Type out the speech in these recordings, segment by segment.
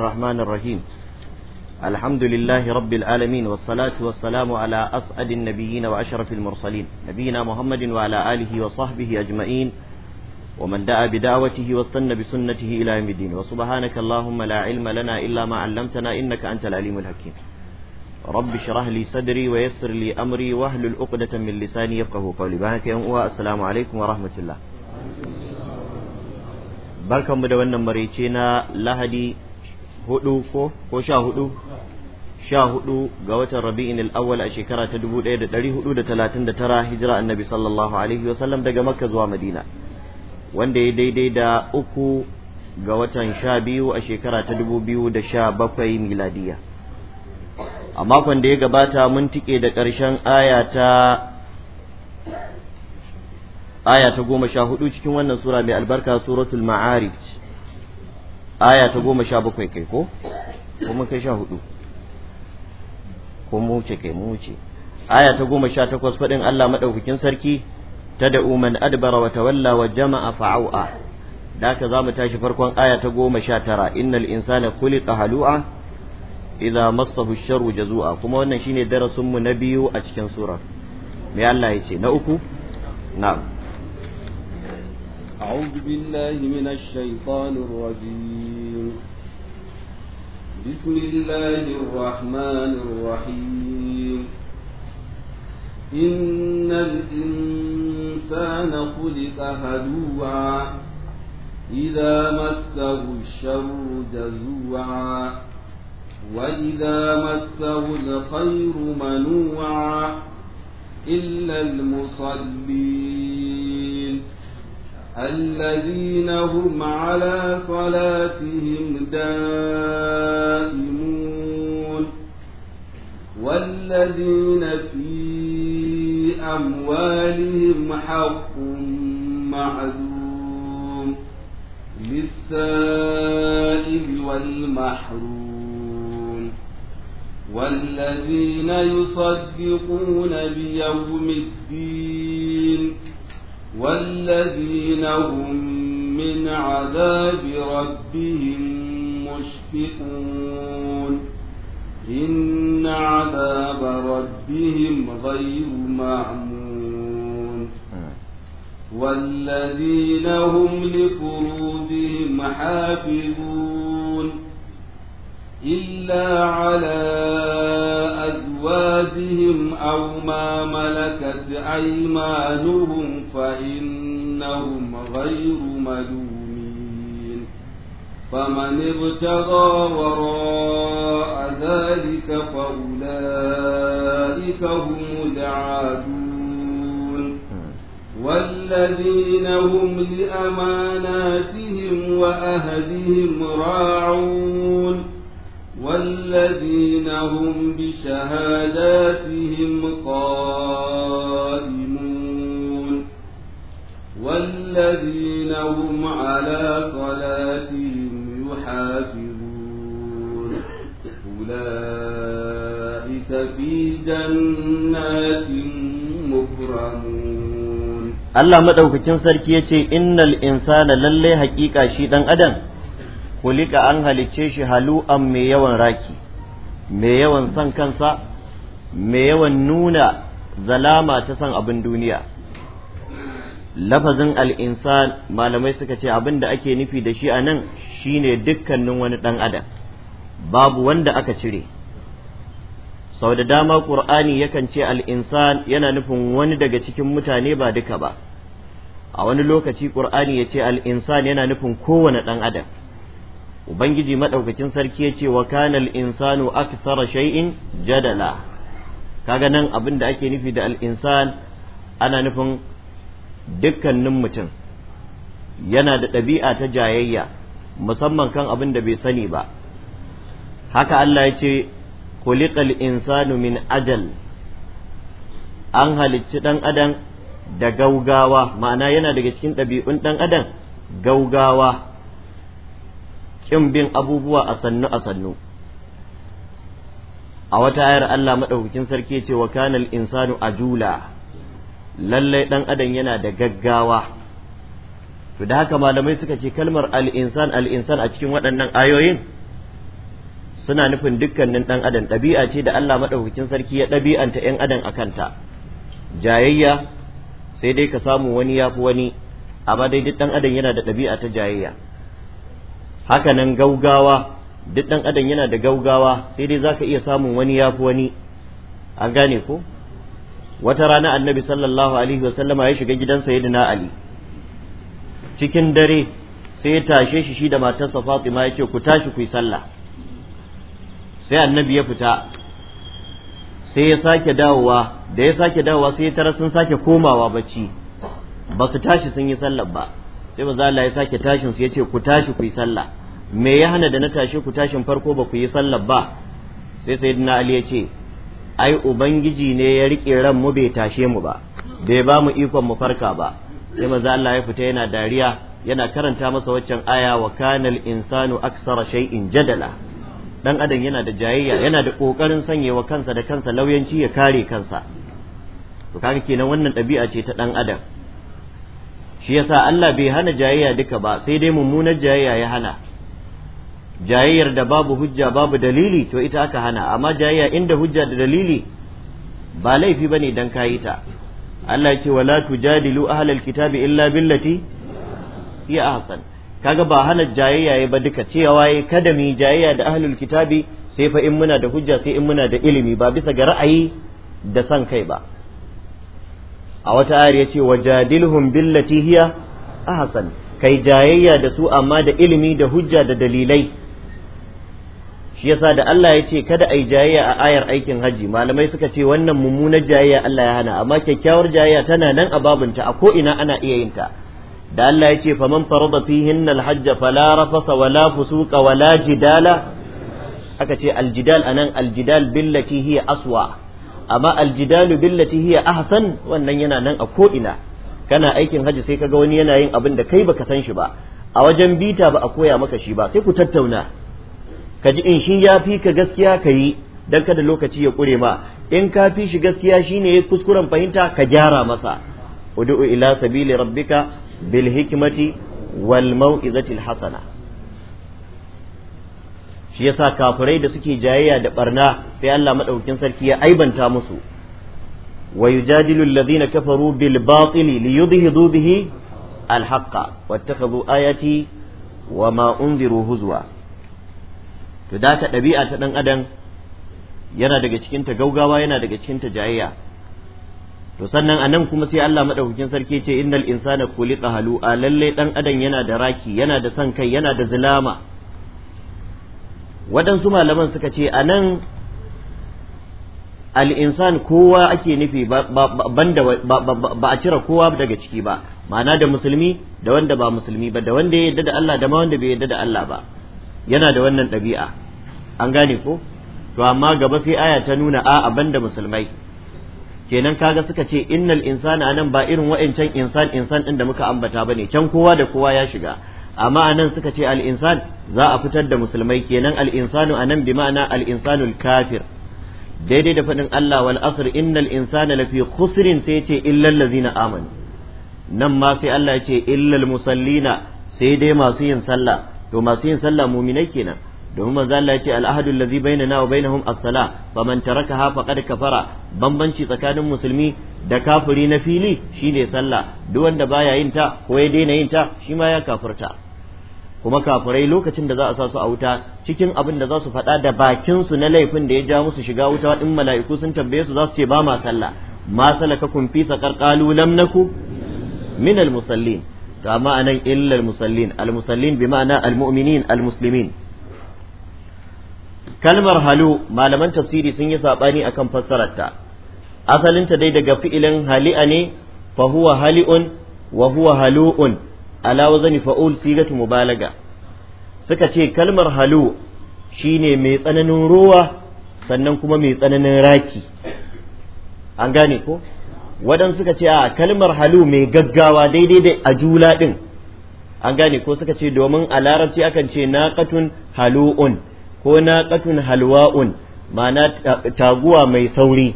الرحمن الرحيم الحمد لله رب العالمين والصلاة والسلام على أسعد النبيين وأشرف المرسلين نبينا محمد وعلى آله وصحبه أجمعين ومن دعا بدعوته واستنى بسنته إلى يوم الدين وسبحانك اللهم لا علم لنا إلا ما علمتنا إنك أنت العليم الحكيم رب اشرح لي صدري ويسر لي أمري واهلل عقدة من لساني يفقه قولي بارك السلام عليكم ورحمة الله barkanmu da wannan maraice na lahadi hudu ko ko sha hudu sha hudu ga watan rabi'in al-awwal a shekara ta 1439 hijira annabi sallallahu alaihi wa sallam daga makka zuwa madina wanda ya daidai da uku ga watan sha biyu a shekara ta 2017 miladiya a makon da ya gabata mun tike da ƙarshen aya ta aya ta goma sha hudu cikin wannan sura mai albarka suratul ma'arij aya ta goma sha bakwai kai ko ko mun kai sha hudu ko mu wuce kai mu wuce aya ta goma sha takwas faɗin Allah maɗaukakin sarki ta da uman adbara wa tawalla wa jama'a fa'au'a da haka za mu tashi farkon aya ta goma sha tara innal insana khuliqa halu'a idza massahu sharru jazu'a kuma wannan shine darasin mu na biyu a cikin surar me Allah ya ce na uku na'am أعوذ بالله من الشيطان الرجيم بسم الله الرحمن الرحيم إن الإنسان خلق هلوعا إذا مسه الشر جزوعا وإذا مسه الخير منوعا إلا المصلين الذين هم على صلاتهم دائمون والذين في أموالهم حق معدوم للسائل والمحروم والذين يصدقون بيوم الدين والذين هم من عذاب ربهم مشفقون إن عذاب ربهم غير معمون والذين هم لفروضهم حافظون إلا على أزواجهم أو ما ملكت أيمانهم فإنهم غير ملومين فمن ابتغى وراء ذلك فأولئك هم العادون والذين هم لأماناتهم وأهلهم راعون والذين هم بشهاداتهم قائمون والذين هم على صلاتهم يحافظون أولئك في جنات مكرمون الله مدوكتين تنسر كيتي إن الإنسان للي حقيقة شيئا أدم kulika an halicce shi halu'an mai yawan raki mai yawan son kansa mai yawan nuna zalama ta son abin duniya lafazin al'insan malamai suka ce abin da ake nufi da shi a nan shine dukkanin wani ɗan adam babu wanda aka cire sau da dama ƙur'ani yakan ce al'insan yana nufin wani daga cikin mutane ba duka ba a wani lokaci ƙur'ani ya ce al'insan yana nufin kowane ɗan adam ubangiji madaukakin sarki ya ce wa kana al-insanu aksara shay'in jadala kaga nan abin da ake nufi da al ana nufin dukkanin mutum yana da ɗabi'a ta jayayya musamman kan abin da bai sani ba haka Allah ya ce khuliqal insanu min ajal an halicci dan adam da gaugawa ma'ana yana daga cikin ɗabi'un dan adam gaugawa kin bin abubuwa a sannu a sannu a wata ayar Allah madaukakin sarki ce wa kanal insanu ajula lallai dan adam yana da gaggawa to da haka malamai suka ce kalmar al-insan al-insan a cikin waɗannan ayoyin suna nufin dukkanin dan adam ɗabi'a ce da Allah madaukakin sarki ya ɗabi'anta yan adam akanta jayayya sai dai ka samu wani yafi wani amma dai duk dan adam yana da ɗabi'a ta jayayya hakanan gaugawa duk ɗan adam yana da gaugawa sai dai zaka iya samun wani ya yafi wani an gane ko wata rana annabi sallallahu alaihi wasallama ya shiga gidan na ali cikin dare sai ya tashe shi shi da matarsa fatima ya ce ku tashi ku yi sallah sai annabi ya fita sai ya sake dawowa da ya sake dawowa sai ya tara sun sake komawa bacci ba su tashi sun yi sallah ba sai manzo Allah ya sake tashin su yace ku tashi ku yi sallah me ya hana da na tashi ku tashin farko ba ku yi sallah ba sai sayyidina Ali yace ai ubangiji ne ya rike ran mu bai tashe mu ba bai ba mu ikon mu farka ba sai manzo Allah ya fita yana dariya yana karanta masa waccan aya wa kanal insanu aksara shay'in jadala dan adam yana da jayayya yana da kokarin sanyewa kansa da kansa lauyanci ya kare kansa to kaga kenan wannan ɗabi'a ce ta dan adam shi yasa Allah bai hana jayayya duka ba sai dai mummunar jayayya ya hana jayayyar da babu hujja babu dalili to ita aka hana amma jayayya inda hujja da dalili ba laifi bane dan kayi ta Allah yake wala tujadilu ahlal kitabi illa billati ya ahsan kaga ba hana jayayya ba duka cewa yayi kada mu jayayya da ahlul kitabi sai fa in muna da hujja sai in muna da ilimi ba bisa ga ra'ayi da san kai ba a wata ayar yace wajadilhum billati hiya ahsan kai jayayya da su amma da ilimi da hujja da dalilai shi yasa da Allah ya ce kada ai jayayya a ayar aikin haji malamai suka ce wannan mummunar jayayya Allah ya hana amma kyakkyawar jayayya tana nan a babinta a ko ina ana iya yin ta da Allah ya ce faman farada fihin alhajj fala rafasa wala fusuqa wala jidala aka ce aljidal anan aljidal billati hiya aswa amma aljidalu billati hiya ahsan wannan yana nan a ko ina kana aikin haji sai kaga wani yana yin abin da kai baka san shi ba a wajen bita ba a koya maka shi ba sai ku tattauna kaji in shi ya fi ka gaskiya ka yi dan kada lokaci ya kure ma in ka fi shi gaskiya shine ya kuskuren fahimta ka gyara masa ud'u ila sabili rabbika bil hikmati wal mau'izatil hasana shi yasa kafirai da suke jayayya da barna sai Allah maɗaukin sarki ya aibanta musu wa yujadilu alladhina kafaru bil batili liyudhidu bihi al haqqa wattakhadhu ayati wa ma unziru huzwa to da ta dabi'a ta dan adam yana daga cikin ta gaugawa yana daga cikin ta jayayya to sannan anan kuma sai Allah madaukakin sarki ce innal insana halu a lalle dan adam yana da raki yana da san kai yana da zulama waɗansu malaman suka ce a nan al'insan kowa ake nufi ba a cire kowa daga ciki ba ma'ana da musulmi da wanda ba musulmi ba da wanda ya yadda da Allah da ma wanda bai yadda da Allah ba yana da wannan ɗabi'a an gane ko to amma gaba sai aya ta nuna a da musulmai kenan kaga suka ce innal insana anan ba irin wa'ancan insan insan din da muka ambata bane can kowa da kowa ya shiga amma nan suka ce al-insan za a fitar da musulmai kenan al-insanu nan bi ma'ana al-insanul kafir daidai da faɗin Allah wal asr innal insana lafi khusrin sai ce illal ladzina amanu nan ma sai Allah ce illal musallina sai dai masu yin sallah to masu yin sallah mu'minai kenan domin manzo Allah ya ce al'ahadul ladzi bainana wa bainahum as-salah faman tarakaha faqad kafara bambanci tsakanin musulmi da kafiri na fili shine sallah duk wanda baya yin ta ko ya daina yin ta shi ma ya kafurta. kuma Kafurai lokacin da za a sa su a wuta cikin abin da za su faɗa da bakin su na laifin da ya ja musu shiga wuta in mala'iku sun tambaye su za su ce ba ma sallah ma kun fi saqar lam naku min al musallin to amma anan illa al musallin al musallin bi ma'ana al mu'minin al muslimin kalmar halu malaman tafsiri sun yi sabani akan fassararta asalinta dai daga fi'ilin hali'a ne fa huwa hali'un wa huwa halu'un ala wazani fa'ul sigatu mubalaga suka ce kalmar halu shine mai tsananin ruwa sannan kuma mai tsananin raki an gane ko wadan suka ce a kalmar halu mai gaggawa daidai da ajula ɗin an gane ko suka ce domin a larabci akan ce naqatun halu'un ko naqatun halwa'un ma'ana taguwa mai sauri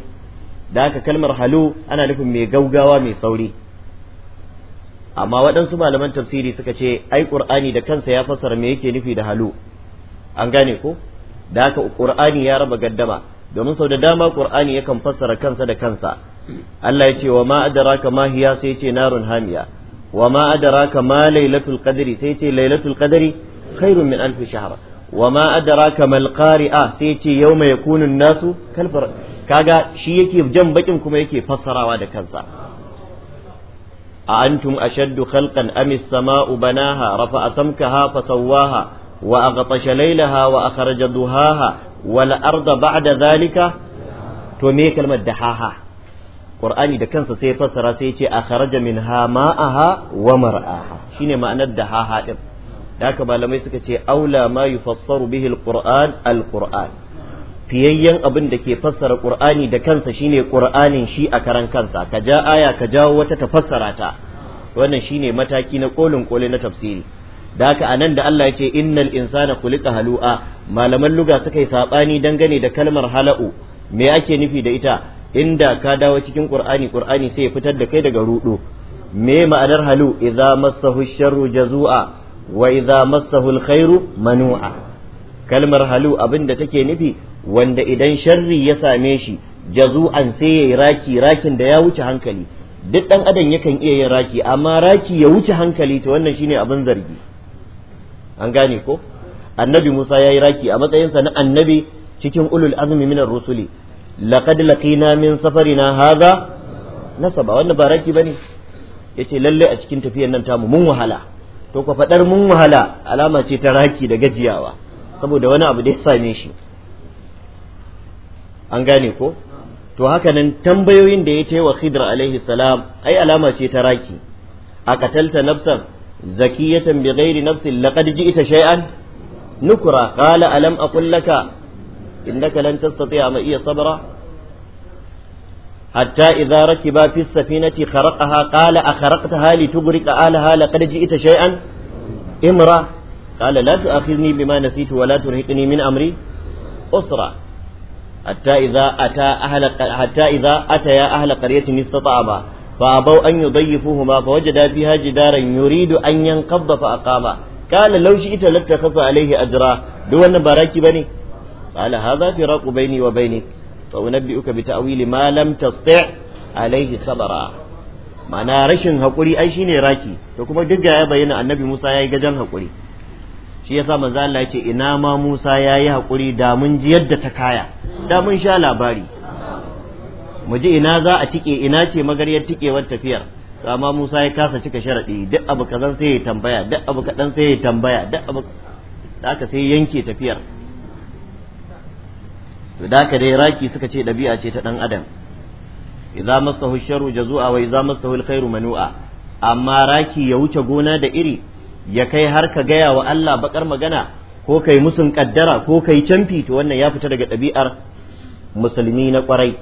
da haka kalmar halu ana nufin mai gaugawa mai sauri amma waɗansu malaman tafsiri suka ce ai ƙur'ani da kansa ya fassara me yake nufi da halu an gane ko da haka qur'ani ya raba gaddama domin sau da dama ƙur'ani yakan fassara kansa da kansa Allah ya ce wa ma adraka ma hiya sai ce narun hamiya wa ma adraka ma lailatul qadri sai ce lailatul qadri khairun min alf shahr wa ma adraka mal qari'a sai ce yawma yakunu nasu kalfar kaga shi yake jan bakin kuma yake fassarawa da kansa a antum ashaddu khalqan amis sama'u banaha rafa asamkaha fasawwaha wa aghtasha laylaha wa akhraja duhaha wal arda ba'da dhalika to me kalmar dahaha qur'ani da kansa sai fassara sai yace akhraja minha ma'aha wa mar'aha shine ma'anar dahaha din da haka malamai suka ce aula ma fassaru bihi alquran alquran fiyayyen abin da ke fassara ƙur'ani da kansa shine ƙur'anin shi a karan kansa ka ja aya ka jawo wata ta fassara ta wannan shine mataki na kolin koli na tafsiri da haka anan da Allah ya ce innal insana khuliqa halu'a malaman luga suka yi sabani dangane da kalmar hala'u me ake nufi da ita inda ka dawo cikin ƙur'ani ƙur'ani sai ya fitar da kai daga rudo me ma'anar halu idza massahu sharru jazua wa idza massahu alkhairu manu'a kalmar halu abinda da take nufi wanda idan sharri ya same shi jazu an sai yayi raki rakin da ya wuce hankali duk dan adam yakan iya yin raki amma raki ya wuce hankali to wannan shine abin zargi an gane ko annabi Musa ya yi raki a matsayinsa na annabi cikin ulul azmi minar rusuli laqad laqina min safarina hadha nasaba wannan ba raki bane yace lalle a cikin tafiyar nan tamu mun wahala to ka fadar mun wahala alama ce ta raki da gajiyawa saboda wani abu da ya same shi an gane ko to hakanan tambayoyin da ya ta wa khidr alaihi salam ai alama ce ta raki a katalta nafsan zakiyatan bi ghairi nafsin laqad ji'ta shay'an nukura qala alam aqul laka innaka lan tastati'a ma iya sabra hatta idza rakiba fi safinati kharaqaha qala akharaqtaha litughriqa alaha laqad ji'ta shay'an imra qala la tu'akhidhni bima nasitu wa la turhiqni min amri usra hatta idza ata ahla hatta idza ataya ahla qaryatin istata'a fa abaw an yudayyifuhuma fa wajada fiha jidaran yuridu an yanqadha fa aqama qala law shi'ta lattakhadha alayhi ajra duk wannan baraki bane qala hadha firaqu bayni wa baynik fa unabbi'uka bi ta'wili ma lam tasti' alayhi sabra ma'ana rashin haƙuri ai shine raki to kuma duk ya bayyana annabi Musa ya yi gajan haƙuri shi yasa manzo Allah yake ina ma Musa yayi hakuri da mun ji yadda ta kaya da mun sha labari mu ji ina za a tike ina ce magaryar tikewar tafiyar to amma Musa ya kasa cika sharadi duk abu kazan sai ya tambaya duk abu kadan sai ya tambaya duk abu haka sai yanke tafiyar to da ka dai raki suka ce dabi'a ce ta dan adam idza massahu sharru jazua wa idza massahu alkhairu manua amma raki ya wuce gona da iri ya kai har ka gaya wa Allah bakar magana ko kai musun kaddara ko kai canfi to wannan ya fita daga ɗabi'ar musulmi na kwarai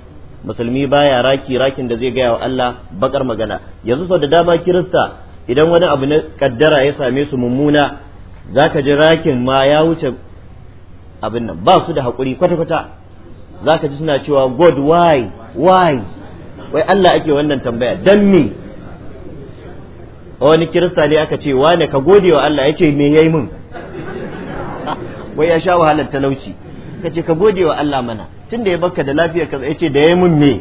musulmi baya raki rakin da zai gaya wa Allah bakar magana yanzu sau da dama kirista idan wani abu na kaddara ya same su mummuna zaka ji rakin ma ya wuce abin nan ba su da hakuri kwata-kwata zaka ji suna cewa god why why wai Allah ake wannan tambaya dan me wani kirista ne aka ce wane ka gode wa Allah yace me yayi mun? wai ya sha wahalar talauci ka ce ka gode wa Allah mana tunda ya baka da lafiyar ka yace da yayi mun me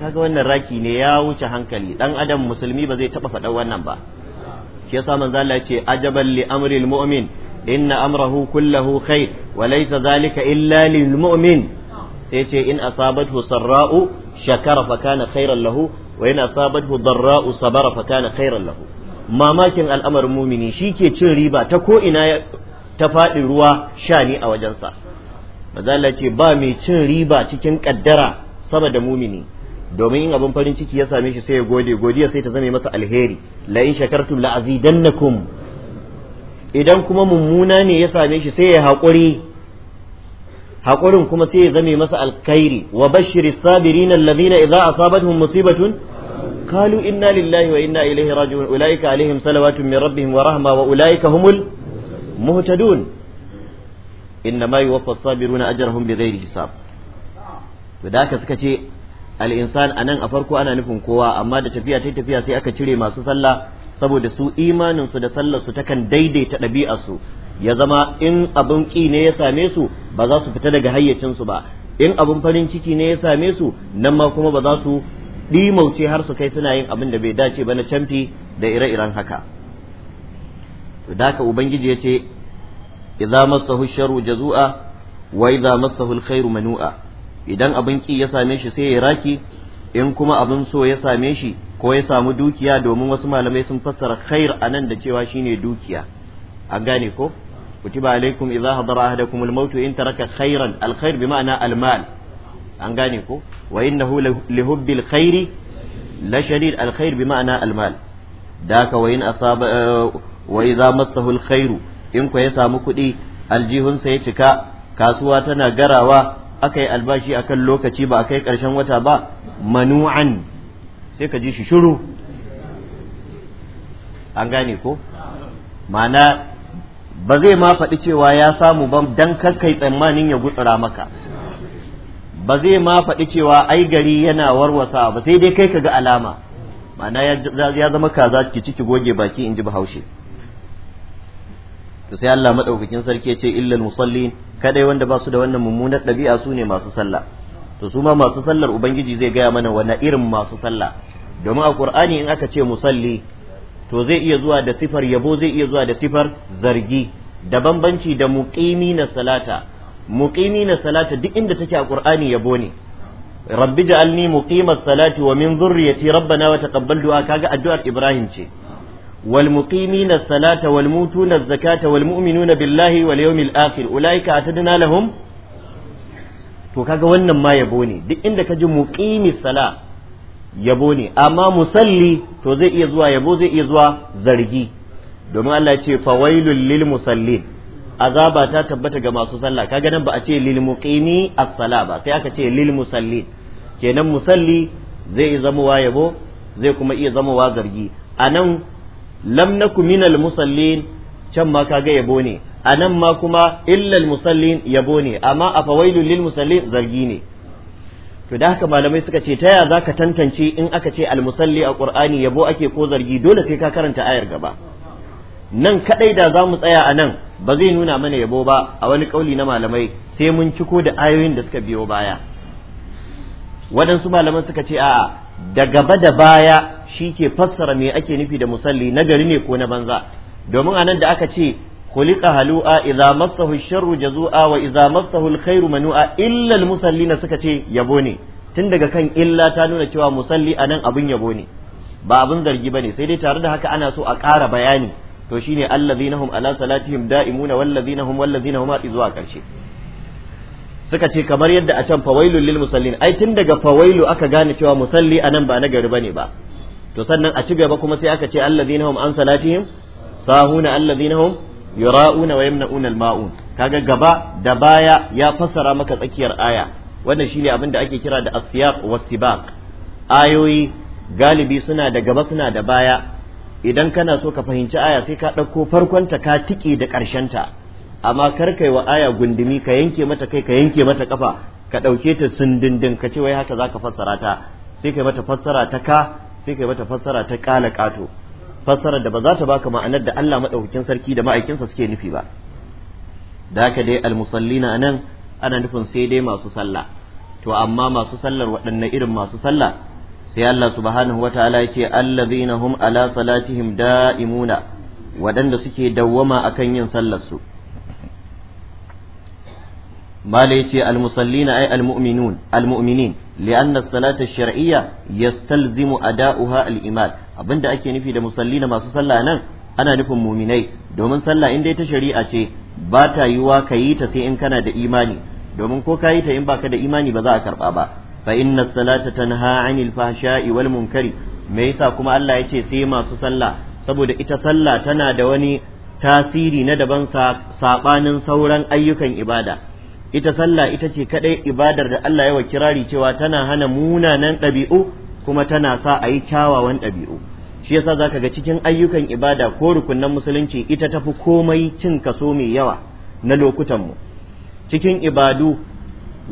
kaga wannan raki ne ya wuce hankali dan adam musulmi ba zai taba faɗa wannan ba shi yasa manzo Allah yace ajaban li amril mu'min inna amrahu kullahu khair wa laysa zalika illa lil sai yace in asabathu sarra'u shakara fa kana lahu wa yana sabathu darra'u sabara fa kana khairan lahu mamakin al'amarin mumini shike cin riba ta ko ina ta faɗi ruwa sha ne a wajensa mazala ce ba mai cin riba cikin kaddara sama da mumini domin in abin farin ciki ya same shi sai ya gode godiya sai ta zame masa alheri la in shakartum la azidannakum idan kuma mummuna ne ya same shi sai ya haƙuri Hakurin kuma sai ya zame masa alkhairi wa bashiri sabirin allazina idza asabatuhum musibatun qalu inna lillahi wa inna ilaihi raji'un ulaika alaihim salawatun min rabbihim wa rahma wa ulaika humul muhtadun inna ma yuwaffa as-sabiruna ajrahum bighairi hisab da haka suka ce al-insan anan a farko ana nufin kowa amma da tafiya ta tafiya sai aka cire masu sallah saboda su imaninsu da sallar su takan daidaita ɗabi'ar su ya zama in abin ƙi ne ya same su ba za su fita daga hayyacinsu ba in abin farin ciki ne ya same su nan ma kuma ba za su ɗimauce har su kai suna yin abin da bai dace ba na canfi da ire-iren haka da ubangiji ya ce idza jazu'a wa idza alkhairu manu'a idan abin ƙi ya same shi sai ya raki in kuma abin so ya same shi ko ya samu dukiya domin wasu malamai sun fassara khair anan da cewa shine dukiya an gane ko kutiba alaikum idza hadara ahadakum al-maut in taraka khairan in asaba eh, ya samu kuɗi aljihunsa ya cika kasuwa tana garawa albashi akan lokaci ba kai wata ba ma'ana ba zai ma faɗi cewa ya samu ba dan kai tsammanin ya gutsura maka ba zai ma faɗi cewa ai gari yana warwasa ba sai dai kai ka ga alama ma'ana ya zama kaza ki ciki goge baki in ji bahaushe to sai Allah madaukakin sarki ya ce illal musallin kadai wanda ba su da wannan mummunar ɗabi'a su ne masu sallah to su ma masu sallar ubangiji zai gaya mana wani irin masu sallah domin a qur'ani in aka ce musalli to zai iya zuwa da sifar yabo zai iya zuwa da sifar zargi da bambanci da muqimi na salata muqimi na salata duk inda take a qur'ani yabo ne rabbi ja'alni muƙimar salati wa min dhurriyyati rabbana wa taqabbal du'a kaga addu'ar ibrahim ce wal muqimina salata wal mutuna zakata wal mu'minuna billahi wal yawmil akhir ulaika atadna lahum to kaga wannan ma yabo ne duk inda kaji muqimi salata. yabo ne amma musalli to zai iya zuwa yabo zai iya zuwa zargi domin Allah ce fawailul lil musallin azaba ta tabbata ga masu sallah kaga nan ba a ce lil muqini as-sala ba sai aka ce lil musallin kenan musalli zai iya zama yabo zai kuma iya wa zargi anan lam naku minal musallin can ma kaga yabo ne anan ma kuma illal musallin yabo ne amma a lil musallin zargi ne to da haka malamai suka ce ta ya za ka tantance in aka ce almusalli a qur'ani yabo ake ko zargi dole sai ka karanta ayar gaba nan kadai da za mu tsaya a nan ba zai nuna mana yabo ba a wani kauli na malamai sai mun ciko da ayoyin da suka biyo baya waɗansu malaman suka ce a'a da gaba da baya shi ke fassara me ake nufi da musalli na gari ne ko na banza domin a nan da aka ce khuliqa halu'a idza massahu sharru jazu'a wa idza massahu alkhairu manu'a illa almusallina suka ce yabo tun daga kan illa ta nuna cewa musalli anan abun yabo ne ba abun zargi ba ne sai dai tare da haka ana so a ƙara bayani to shine allazina hum ala salatihim da'imuna wallazina hum wallazina hum zuwa ƙarshe suka ce kamar yadda a can fawailul lil musallin ai tun daga fawailu aka gane cewa musalli anan ba na gari bane ba to sannan a ci gaba kuma sai aka ce allazina hum an salatihim sahuna allazina hum yura'una wa yamna'una al-ma'un kaga gaba da baya ya fassara maka tsakiyar aya wannan shine abin da ake kira da asiyaq wa sibaq ayoyi galibi suna da gaba suna da baya idan kana so ka fahimci aya sai ka ɗauko farkon ta ka tike da ƙarshen ta amma kar kai wa aya gundumi ka yanke mata kai ka yanke mata kafa ka ɗauke ta sundundun ka ce wai haka zaka fassara ta sai kai mata fassara ta ka sai kai mata fassara ta kala ƙato fassarar da ba za ta baka ma'anar da Allah madaukakin sarki da ma'aikinsa suke nufi ba da haka dai almusallina nan ana nufin sai dai masu sallah to amma masu sallar waɗanne irin masu sallah sai Allah subhanahu wataala ya ce allazina hum ala salatihim da'imuna waɗanda suke dawwama akan yin sallar su mala yace almusallina ay almu'minun almu'minin لأن الصلاة الشرعية يستلزم أداؤها الإمام abinda ake nufi da musalli na masu sallah nan ana nufin muminai domin sallah in dai ta shari'a ce ba ta yiwa ka yi ta sai in kana da imani domin ko ka yi ta in baka da imani ba za a karba ba fa inna salata tanha anil fahsha'i wal munkari me yasa kuma Allah ya ce sai masu sallah saboda ita sallah tana da wani tasiri na daban saɓanin sauran ayyukan ibada ita sallah ita ce kadai ibadar da Allah ya wa kirari cewa tana hana munanan ɗabi'u kuma tana sa a yi kyawawan ɗabi'u shi yasa zaka ga cikin ayyukan ibada ko rukunnan musulunci ita tafi komai cin kaso mai yawa na lokutanmu cikin ibadu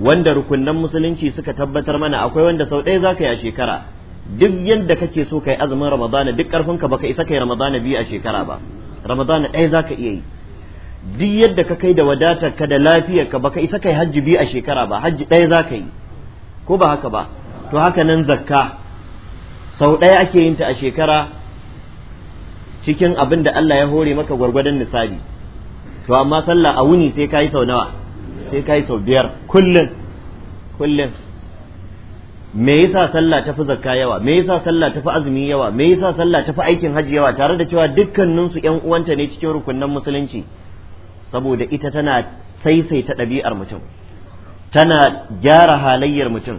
wanda rukunnan musulunci suka tabbatar mana akwai wanda sau ɗaya zaka yi a shekara duk yadda kake so kai azumin ramadana duk karfinka baka isa kai ramadana biyu a shekara ba ramadana ɗaya zaka iya yi duk yadda ka kai da wadatar ka da lafiyar ka baka isa kai hajji biyu a shekara ba hajji ɗaya za ka yi ko ba haka ba to haka nan zakka sau ɗaya ake yin ta a shekara cikin abin da Allah ya hore maka gwargwadon nisabi to amma sallah a wuni sai ka yi sau nawa sai ka yi sau biyar kullum kullum me yasa sallah tafi zakka yawa me yasa sallah tafi azumi yawa me yasa sallah tafi aikin hajji yawa tare da cewa dukkaninsu ƴan uwanta ne cikin rukunnan musulunci saboda ita tana saisaita ɗabi'ar mutum tana gyara halayyar mutum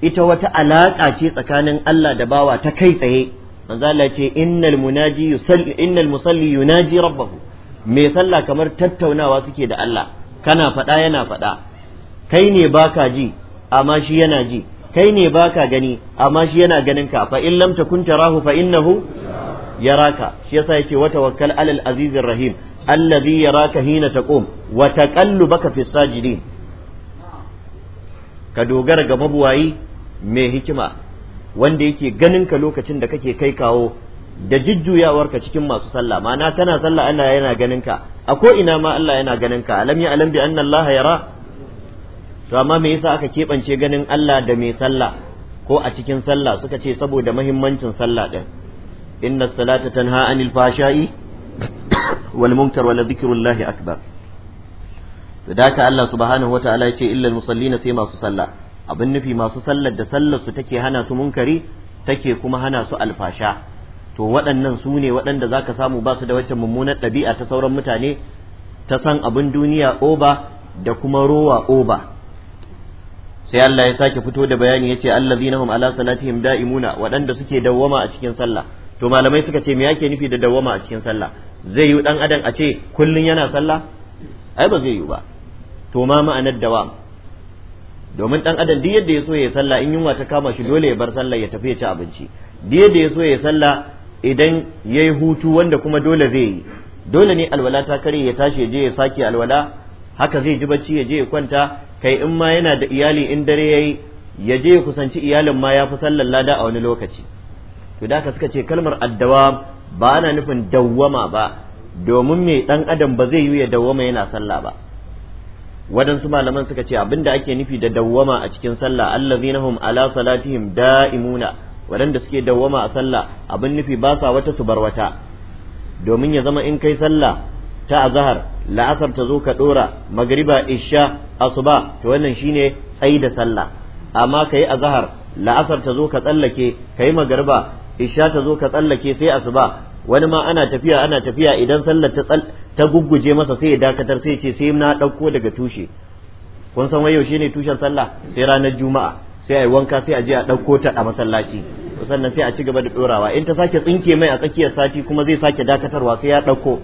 ita wata alaƙa ce tsakanin Allah da bawa ta kai tsaye manzo Allah ce innal munaji yusalli innal musalli yunaji rabbahu me sallah kamar tattaunawa suke da Allah kana faɗa yana faɗa kai ne baka ji amma shi yana ji kai ne baka gani amma shi yana ganin ka fa in lam takun rahu fa innahu yaraka shi yasa yake wa tawakkal alal azizir rahim allazi yaraka hina taqum wa taqallubaka fissa jiri ka dogara ga mabuwayi mai hikima wanda yake ganinka lokacin da kake kai kawo da jujjuyawarka cikin masu sallah ma'ana tana sallah Allah yana ganin ka a ko ina ma Allah yana ganin ka alam ya alam bi anna Allah yara to amma me yasa aka keɓance ganin Allah da mai sallah ko a cikin sallah suka ce saboda mahimmancin sallah din inna salata tanha anil fashai wal munkar wala akbar to da Allah subhanahu wataala ya ce illal musallina sai masu sallah abin nufi masu sallar da sallar su take hana su munkari take kuma hana su alfasha to waɗannan su ne waɗanda zaka samu ba su da wacce mummunar ɗabi'a ta sauran mutane ta san abin duniya oba da kuma rowa oba sai Allah ya sake fito da bayani yace allazinahum ala salatihim da'imuna waɗanda suke dawwama a cikin sallah to malamai suka ce me yake nufi da dawwama a cikin sallah zai yi dan adam a ce kullun yana sallah ai ba zai yi ba to ma ma'anar dawam domin dan adam duk yadda ya so ya sallah in yunwa ta kama shi dole ya bar sallah ya tafi ya ci abinci duk yadda ya so ya sallah idan yayi hutu wanda kuma dole zai yi dole ne alwala ta kare ya tashi ya je ya sake alwala haka zai ji bacci ya je ya kwanta kai in ma yana da iyali in dare yayi ya je ya kusanci iyalin ma ya fi sallar lada a wani lokaci to da ka suka ce kalmar addawa ba ana nufin dawwama ba domin mai dan adam ba zai yi ya dawwama yana sallah ba wadansu malaman suka ce abinda ake nufi da dawwama a cikin sallah allazinahum ala salatihim da'imuna waɗanda suke dawwama a sallah abin nufi ba sa wata su bar wata domin ya zama in kai sallah ta azhar la'asar ta zo ka dora magriba isha asuba to wannan shine tsayi da sallah amma kai azhar la'asar ta zo ka tsallake kai magriba isha ta zo ka tsallake sai asuba wani ma ana tafiya ana tafiya idan sallar ta ta gugguje masa sai ya dakatar sai ce sai na dauko daga tushe kun san wai yaushe ne tushen sallah sai ranar juma'a sai a wanka sai a je a ɗauko ta a masallaci sannan sai a ci gaba da ɗorawa in ta sake tsinke mai a tsakiyar sati kuma zai sake dakatarwa sai ya dauko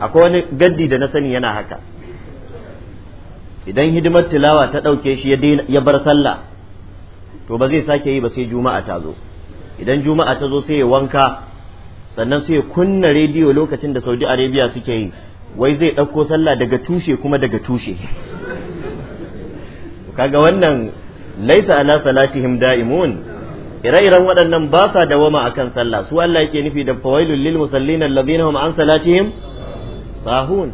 akwai wani gaddi da na sani yana haka idan hidimar tilawa ta dauke shi ya bar sallah to ba zai sake yi ba sai juma'a ta zo idan juma'a ta zo sai ya wanka sannan sai ya kunna rediyo lokacin da saudi arabia suke yi wai zai ɗauko sallah daga tushe kuma daga tushe kaga wannan laisa ala salatihim da'imun ire-iren waɗannan ba sa dawama akan sallah su Allah yake nufi da fawailul lil musallin alladhina hum an salatihim sahun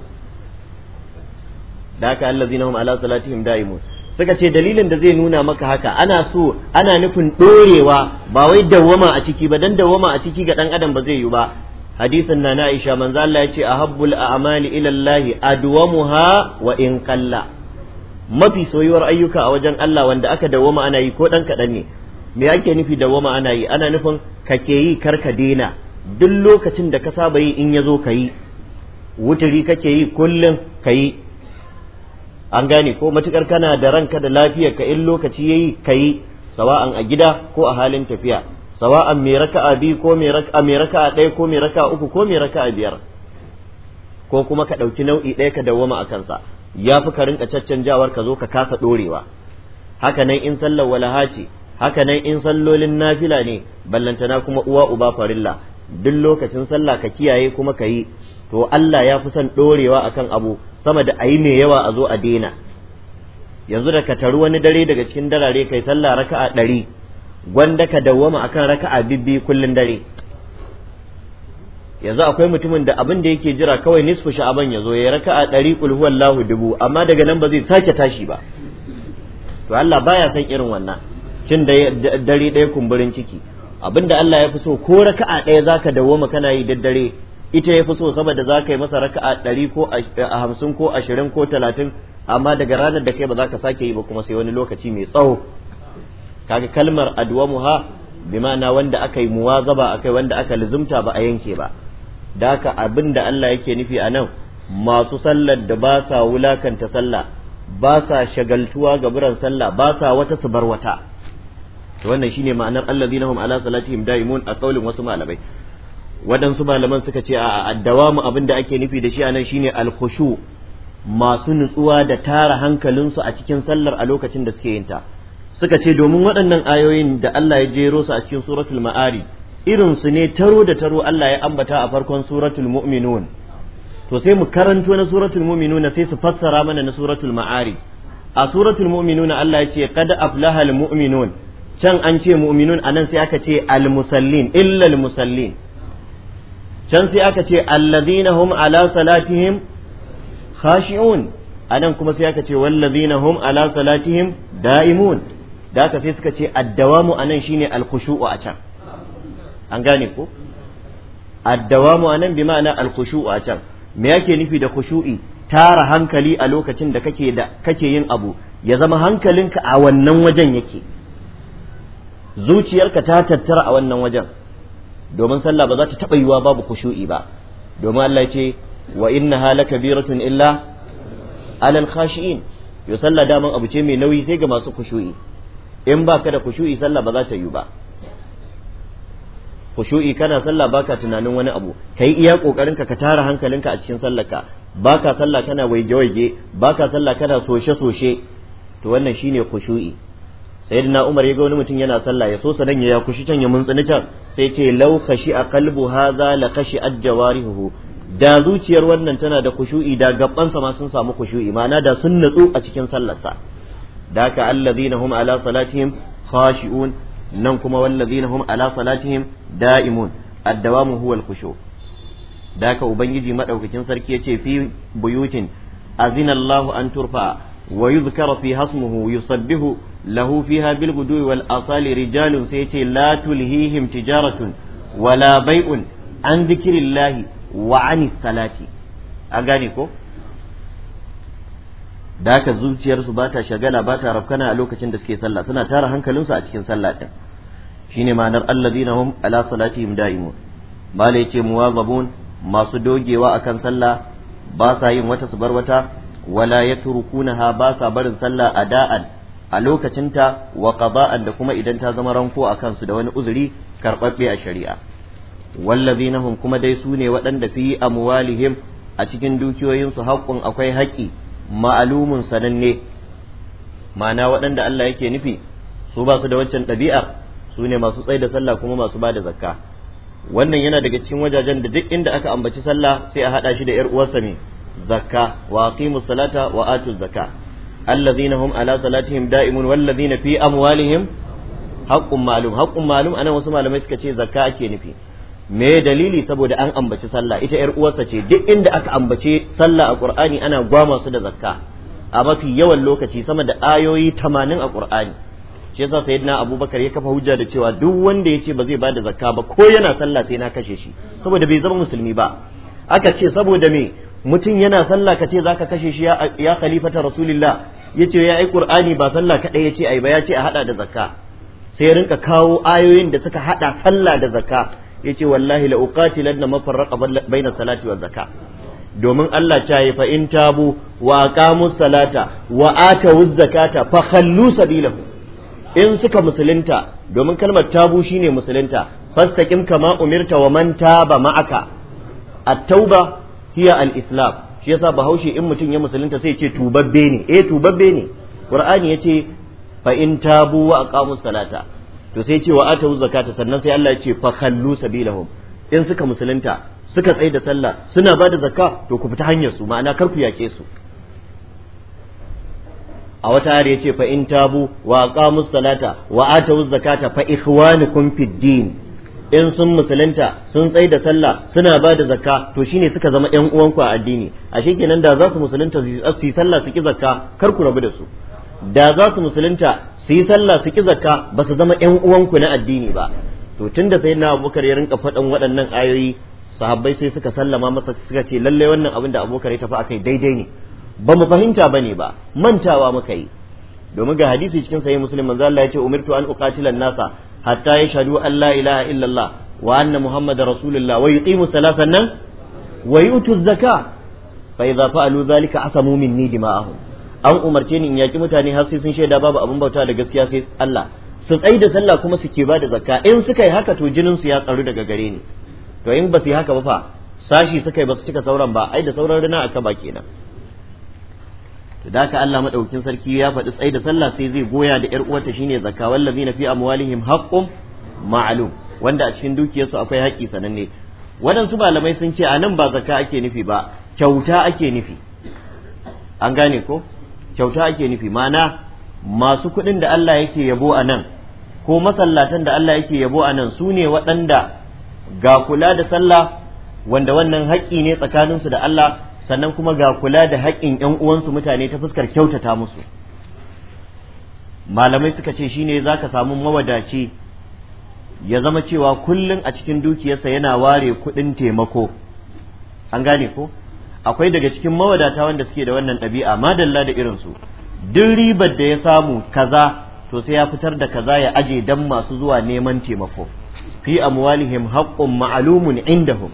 da ka alladhina hum ala salatihim da'imun suka ce dalilin da zai nuna maka haka ana so ana nufin dorewa ba wai dawwama a ciki ba dan dawwama a ciki ga ɗan adam ba zai yi ba hadisin na Aisha manzo Allah ya ce ahabbul a'mali ila Allah adwamuha wa in qalla mafi soyuwar ayyuka a wajen Allah wanda aka dawwama ana yi ko dan kadan ne me ake nufi dawwama ana yi ana nufin ka ke yi kar ka dena duk lokacin da ka saba yi in ya zo ka yi wuturi kake yi kullum ka yi an gane ko matukar kana da ranka da lafiyar ka in lokaci yayi kayi sawa'an a gida ko a halin tafiya sawa'an mai raka'a biyu ko mai raka'a mai ɗaya ko mai raka'a uku ko mai raka'a biyar ko kuma ka ɗauki nau'i ɗaya ka dawwama a kansa ya fi ka rinka jawar ka zo ka kasa ɗorewa haka nan in sallar walaha ce haka nan in sallolin nafila ne ballantana kuma uwa uba farilla duk lokacin sallah ka kiyaye kuma ka yi to Allah ya fi son ɗorewa akan abu sama da ayi mai yawa a zo a daina yanzu da ka taru wani dare daga cikin darare kai sallah raka'a ɗari gwanda ka dawwama akan raka'a bibbi kullun dare yanzu akwai mutumin da abin da yake jira kawai nisfu sha'aban ya zo ya raka'a ɗari kul huwallahu dubu amma daga nan ba zai sake tashi ba to Allah baya son irin wannan cin dare ɗaya kumburin ciki abinda Allah ya fi so ko raka'a ɗaya zaka dawwama kana yi daddare ita ya fi so saboda za ka yi masa raka'a ɗari ko a hamsin ko ashirin ko talatin amma daga ranar da kai ba za ka sake yi ba kuma sai wani lokaci mai tsawo kaga kalmar ha bi ma'ana wanda aka yi muwazaba akai wanda aka lizumta ba a yanke ba da haka abin da Allah yake nufi a nan masu sallar da ba sa wulakanta sallah ba sa shagaltuwa ga biran sallah ba sa wata su bar wata wannan shine ma'anar alladhina hum ala salatihim daimun a kaulin wasu malamai waɗansu malaman suka ce a addawamu abin da ake nufi da shi anan shine alkushu masu nutsuwa da tara hankalinsu a cikin sallar a lokacin da suke yinta suka ce domin waɗannan ayoyin da Allah ya jero su a cikin suratul ma'ari irin su ne taro da taro Allah ya ambata a farkon suratul mu'minun to sai mu karanto na suratul mu'minun sai su fassara mana na suratul ma'ari a suratul mu'minun Allah ya ce qad aflaha mu'minun can an ce mu'minun anan sai aka ce al musallin illa al musallin can sai aka ce allazina hum ala salatihim khashi'un anan kuma sai aka ce wallazina hum ala salatihim da'imun da aka sai suka ce addawamu anan shine alkhushu'u a can an gane ko addawamu anan bi ma'ana alkhushu'u a can me yake nufi da khushu'i tara hankali a lokacin da kake da kake yin abu ya zama hankalinka a wannan wajen yake zuciyarka ta tattara a wannan wajen domin sallah ba za ta taɓa yiwa babu kushu'i ba domin Allah ce wa inna hala kabiratun illa alal khashi'in yo sallah daman abu ce mai nauyi sai ga masu kushu'i in baka da kushu'i sallah ba za ta yiwu ba kushu'i kana sallah baka tunanin wani abu kai iya kokarin ka tara hankalinka a cikin sallar sallarka baka sallah kana waige waige baka sallah kana soshe soshe to wannan shine kushu'i. sayyidina umar ya ga wani mutum yana sallah ya so sanan ya kushi can ya muntsini can sai ce law kashi a qalbu haza la kashi ajwarihu da zuciyar wannan tana da kushu'i da gabbansa ma sun samu kushu'i ma'ana da sun natsu a cikin sallarsa da ka allazina hum ala salatihim khashi'un nan kuma wallazina hum ala salatihim da'imun addawamu huwa al-khushu' da ka ubangiji madaukakin sarki yace fi buyutin azina Allahu an turfa wa yuzkara fi hasmuhu yusabbihu lahu fiha bil gudu wal asali rijalun sai yace tijaratun wala bai'un an zikrillahi wa salati an gane ko da zuciyarsu ba ta shagala ba ta rafkana a lokacin da suke sallah suna tara hankalinsu a cikin sallah din shine ma'anar "Allah hum ala salatihim da'imun mala yace muwazabun masu dogewa akan sallah ba sa yin wata su bar wata wala ha ba sa barin sallah a ada'an a lokacinta wa qada'an da kuma idan ta zama ranko a kansu da wani uzuri karɓaɓɓe a shari'a wallazina hum kuma dai su ne waɗanda fi amwalihim a cikin dukiyoyinsu haƙƙun akwai haƙƙi ma'alumun sananne ma'ana waɗanda Allah yake nufi su ba su da wancan ɗabi'ar su ne masu tsaye da sallah kuma masu ba da zakka wannan yana daga cikin wajajen da duk inda aka ambaci sallah sai a haɗa shi da 'yar uwarsa ne zakka wa aqimus salata wa atuz zakka الذين هم على صلاتهم دائمون والذين في أموالهم حق معلوم حق معلوم أنا وسمع لما يسكتي زكاة nufi me dalili saboda an ambaci sallah ita yar uwarsa ce duk inda aka ambace sallah a qur'ani ana gwama su da zakka a mafi yawan lokaci sama da ayoyi 80 a qur'ani shi yasa sayyidina abubakar ya kafa hujja da cewa duk wanda yace ba zai bada zakka ba ko yana sallah sai na kashe shi saboda bai zama musulmi ba aka ce saboda me mutum yana sallah ka ce zaka kashe shi ya khalifata rasulillah ya ce ya yi qur'ani ba sallah kadai a yi ba ce a haɗa da zakka sai ya rinka kawo ayoyin da suka haɗa sallah da zakka ce wallahi la uqatilanna lanna mafarraqa baina salati wa zakka domin Allah ta yi fa in tabu wa aqamu salata wa zakata fa khallu sabilahu in suka musulunta domin kalmar tabu shine musulunta fastaqim kama umirta wa man taba ma'aka at-tauba hiya al-islam shi yasa bahaushe in mutum ya musulunta sai ce tubabbe ne eh tubabbe ne qur'ani yace fa in tabu wa aqamu salata to sai ce wa atu zakata sannan sai Allah ya ce fa khallu sabilahum in suka musulunta suka tsaye da sallah suna ba da zakka to ku fita hanyar su ma'ana kar ku yake su a wata ayar ce fa in tabu wa aqamu salata wa atu zakata fa ikhwanukum fid din in sun musulunta sun tsai da sallah suna ba da zakka to shine suka zama ƴan uwanku a addini ashe kenan da za su musulunta su yi sallah su ki zakka kar ku rabu da su da za su musulunta su yi sallah su ki zakka ba su zama ƴan uwanku na addini ba to da sai na abubakar ya rinka faɗan waɗannan ayoyi sahabbai sai suka sallama masa suka ce lalle wannan abin da abubakar ya tafi akai daidai ne ba mu fahimta bane ba mantawa muka yi domin ga hadisi cikin sahih muslim manzo Allah ya ce umirtu an uqatila nasa hatta yashhadu Allah, la ilaha illallah wa anna muhammadar rasulullah wa yuqimu salatan nan wa yutu zakka fa idza fa'alu dhalika asamu minni dima'ahum an umarce ni in yaki mutane har sai sun shaida babu abin bauta da gaskiya sai Allah su da sallah kuma suke ba da zakka in suka yi haka to jinin su ya tsaru daga gare ni to in ba yi haka ba fa sashi suka yi ba su cika sauran ba ai da sauran rina aka ba kenan da haka Allah maɗaukin sarki ya faɗi sai da sallah sai zai goya da ƴar uwarta shine zakka na fi amwalihim haqqum ma'lum wanda a cikin dukiyarsu akwai haƙƙi sananne waɗansu malamai sun ce a nan ba zakka ake nufi ba kyauta ake nufi an gane ko kyauta ake nufi mana masu kuɗin da Allah yake yabo a nan ko masallatan da Allah yake yabo a nan su ne waɗanda ga kula da sallah wanda wannan haƙƙi ne tsakaninsu da Allah sannan kuma ga kula da haƙƙin ƴan uwansu mutane ta fuskar kyautata musu malamai suka ce shine zaka samu mawadaci ya zama cewa kullum a cikin dukiyarsa yana ware kuɗin taimako an gane ko akwai daga cikin mawadata wanda suke da wannan ɗabi'a madalla da irinsu duk ribar da ya samu kaza to sai ya fitar da kaza ya aje dan masu zuwa neman taimako fi amwalihim haqqun ma'lumun indahum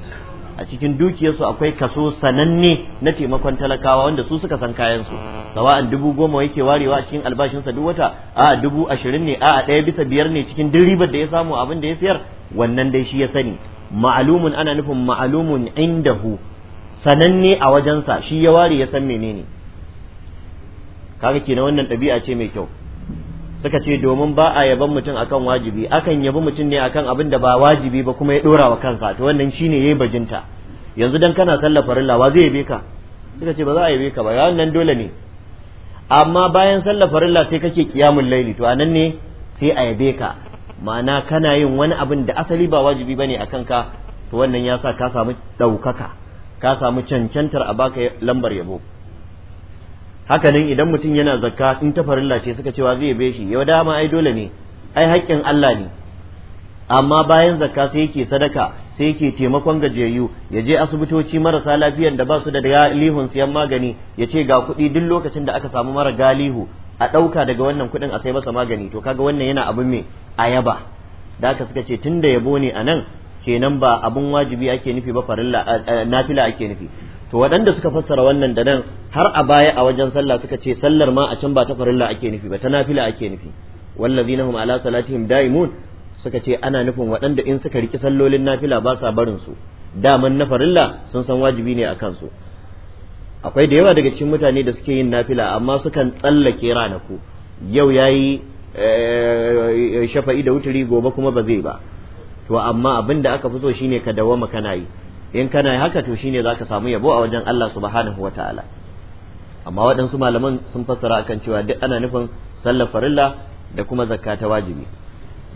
a cikin dukiyarsu akwai kaso sananne na taimakon talakawa wanda su suka san kayansu sawa'an dubu goma yake warewa a cikin albashinsa duk wata a dubu ashirin ne a ɗaya bisa biyar ne cikin duk da ya samu abin da ya sayar wannan dai shi ya sani ma'alumun ana nufin ma'alumun indahu sananne a wajensa shi ya ware ya san menene kaga kenan wannan ɗabi'a ce mai kyau suka ce domin ba a yaban mutum akan wajibi akan yabi mutum ne akan abin da ba wajibi ba kuma ya dora wa kansa to wannan shine yayi bajinta yanzu dan kana sallar farilla wa zai yabe ka suka ce ba za a yabe ka ba wannan dole ne amma bayan sallar farilla sai kake kiyamul laili to anan ne sai a yabe ka ma'ana kana yin wani abin da asali ba wajibi bane akan ka to wannan yasa sa ka samu ɗaukaka ka samu cancantar a baka lambar yabo haka nan idan mutum yana zakka in ta farilla ce suka cewa zai be shi yau dama ai dole ne ai haƙƙin Allah ne amma bayan zakka sai yake sadaka sai yake taimakon gajiyayyu ya je asibitoci marasa lafiyan da basu da galihun siyan magani ya ce ga kuɗi duk lokacin da aka samu mara galihu a ɗauka daga wannan kuɗin a sai masa magani to kaga wannan yana abin mai ayaba da aka suka ce tun da yabo ne a nan kenan ba abun wajibi ake nufi ba farilla nafila ake nufi to waɗanda suka fassara wannan da nan har a baya a wajen sallah suka ce sallar ma a can ba ta farilla ake nufi ba ta nafila ake nufi wallazinahum ala salatihim daimun suka ce ana nufin waɗanda in suka riki sallolin nafila ba sa barin su daman na farilla sun san wajibi ne a kansu akwai da yawa daga cikin mutane da suke yin nafila amma sukan tsallake ranaku yau yayi eh, shafa'i da wuturi gobe kuma ba zai ba to amma abin da aka fi so shine ka dawwama kana yi in kana haka to shine zaka samu yabo a wajen Allah subhanahu wataala amma waɗansu malaman sun fassara akan cewa duk ana nufin sallar farilla da kuma zakka ta wajibi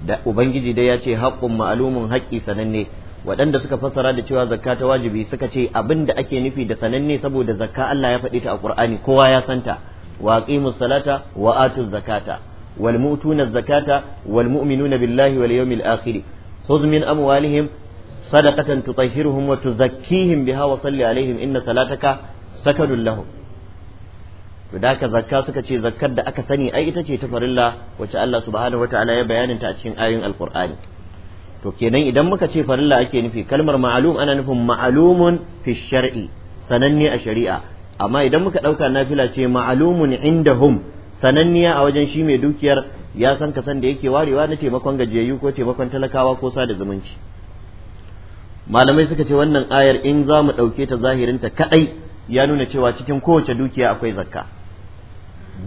da ubangiji dai ya ce haƙƙun ma'alumin haƙƙi sananne waɗanda suka fassara da cewa zakka ta wajibi suka ce abin da ake nufi da sananne saboda zakka Allah ya faɗi ta a Qur'ani kowa ya santa wa aqimus salata wa atuz zakata wal mu'tuna zakata wal mu'minuna billahi wal yawmil akhir khudh min amwalihim sadaqatan tutahhiruhum wa tuzakkihim biha wa salli alaihim inna salataka sakanun lahum to da aka zakka suka ce zakkar da aka sani ai ita ce ta farilla Wace Allah subhanahu wataala ya bayanin a cikin ayoyin alqur'ani to kenan idan muka ce farilla ake nufi kalmar ma'alum ana nufin ma'alumun fi shar'i sananne a shari'a amma idan muka dauka nafila ce inda hum sananniya a wajen shi mai dukiyar ya san kasan da yake warewa na taimakon gajiyayyu ko taimakon talakawa ko sada zumunci malamai suka ce wannan ayar in za mu ɗauke ta zahirinta kaɗai ya nuna cewa cikin kowace dukiya akwai zakka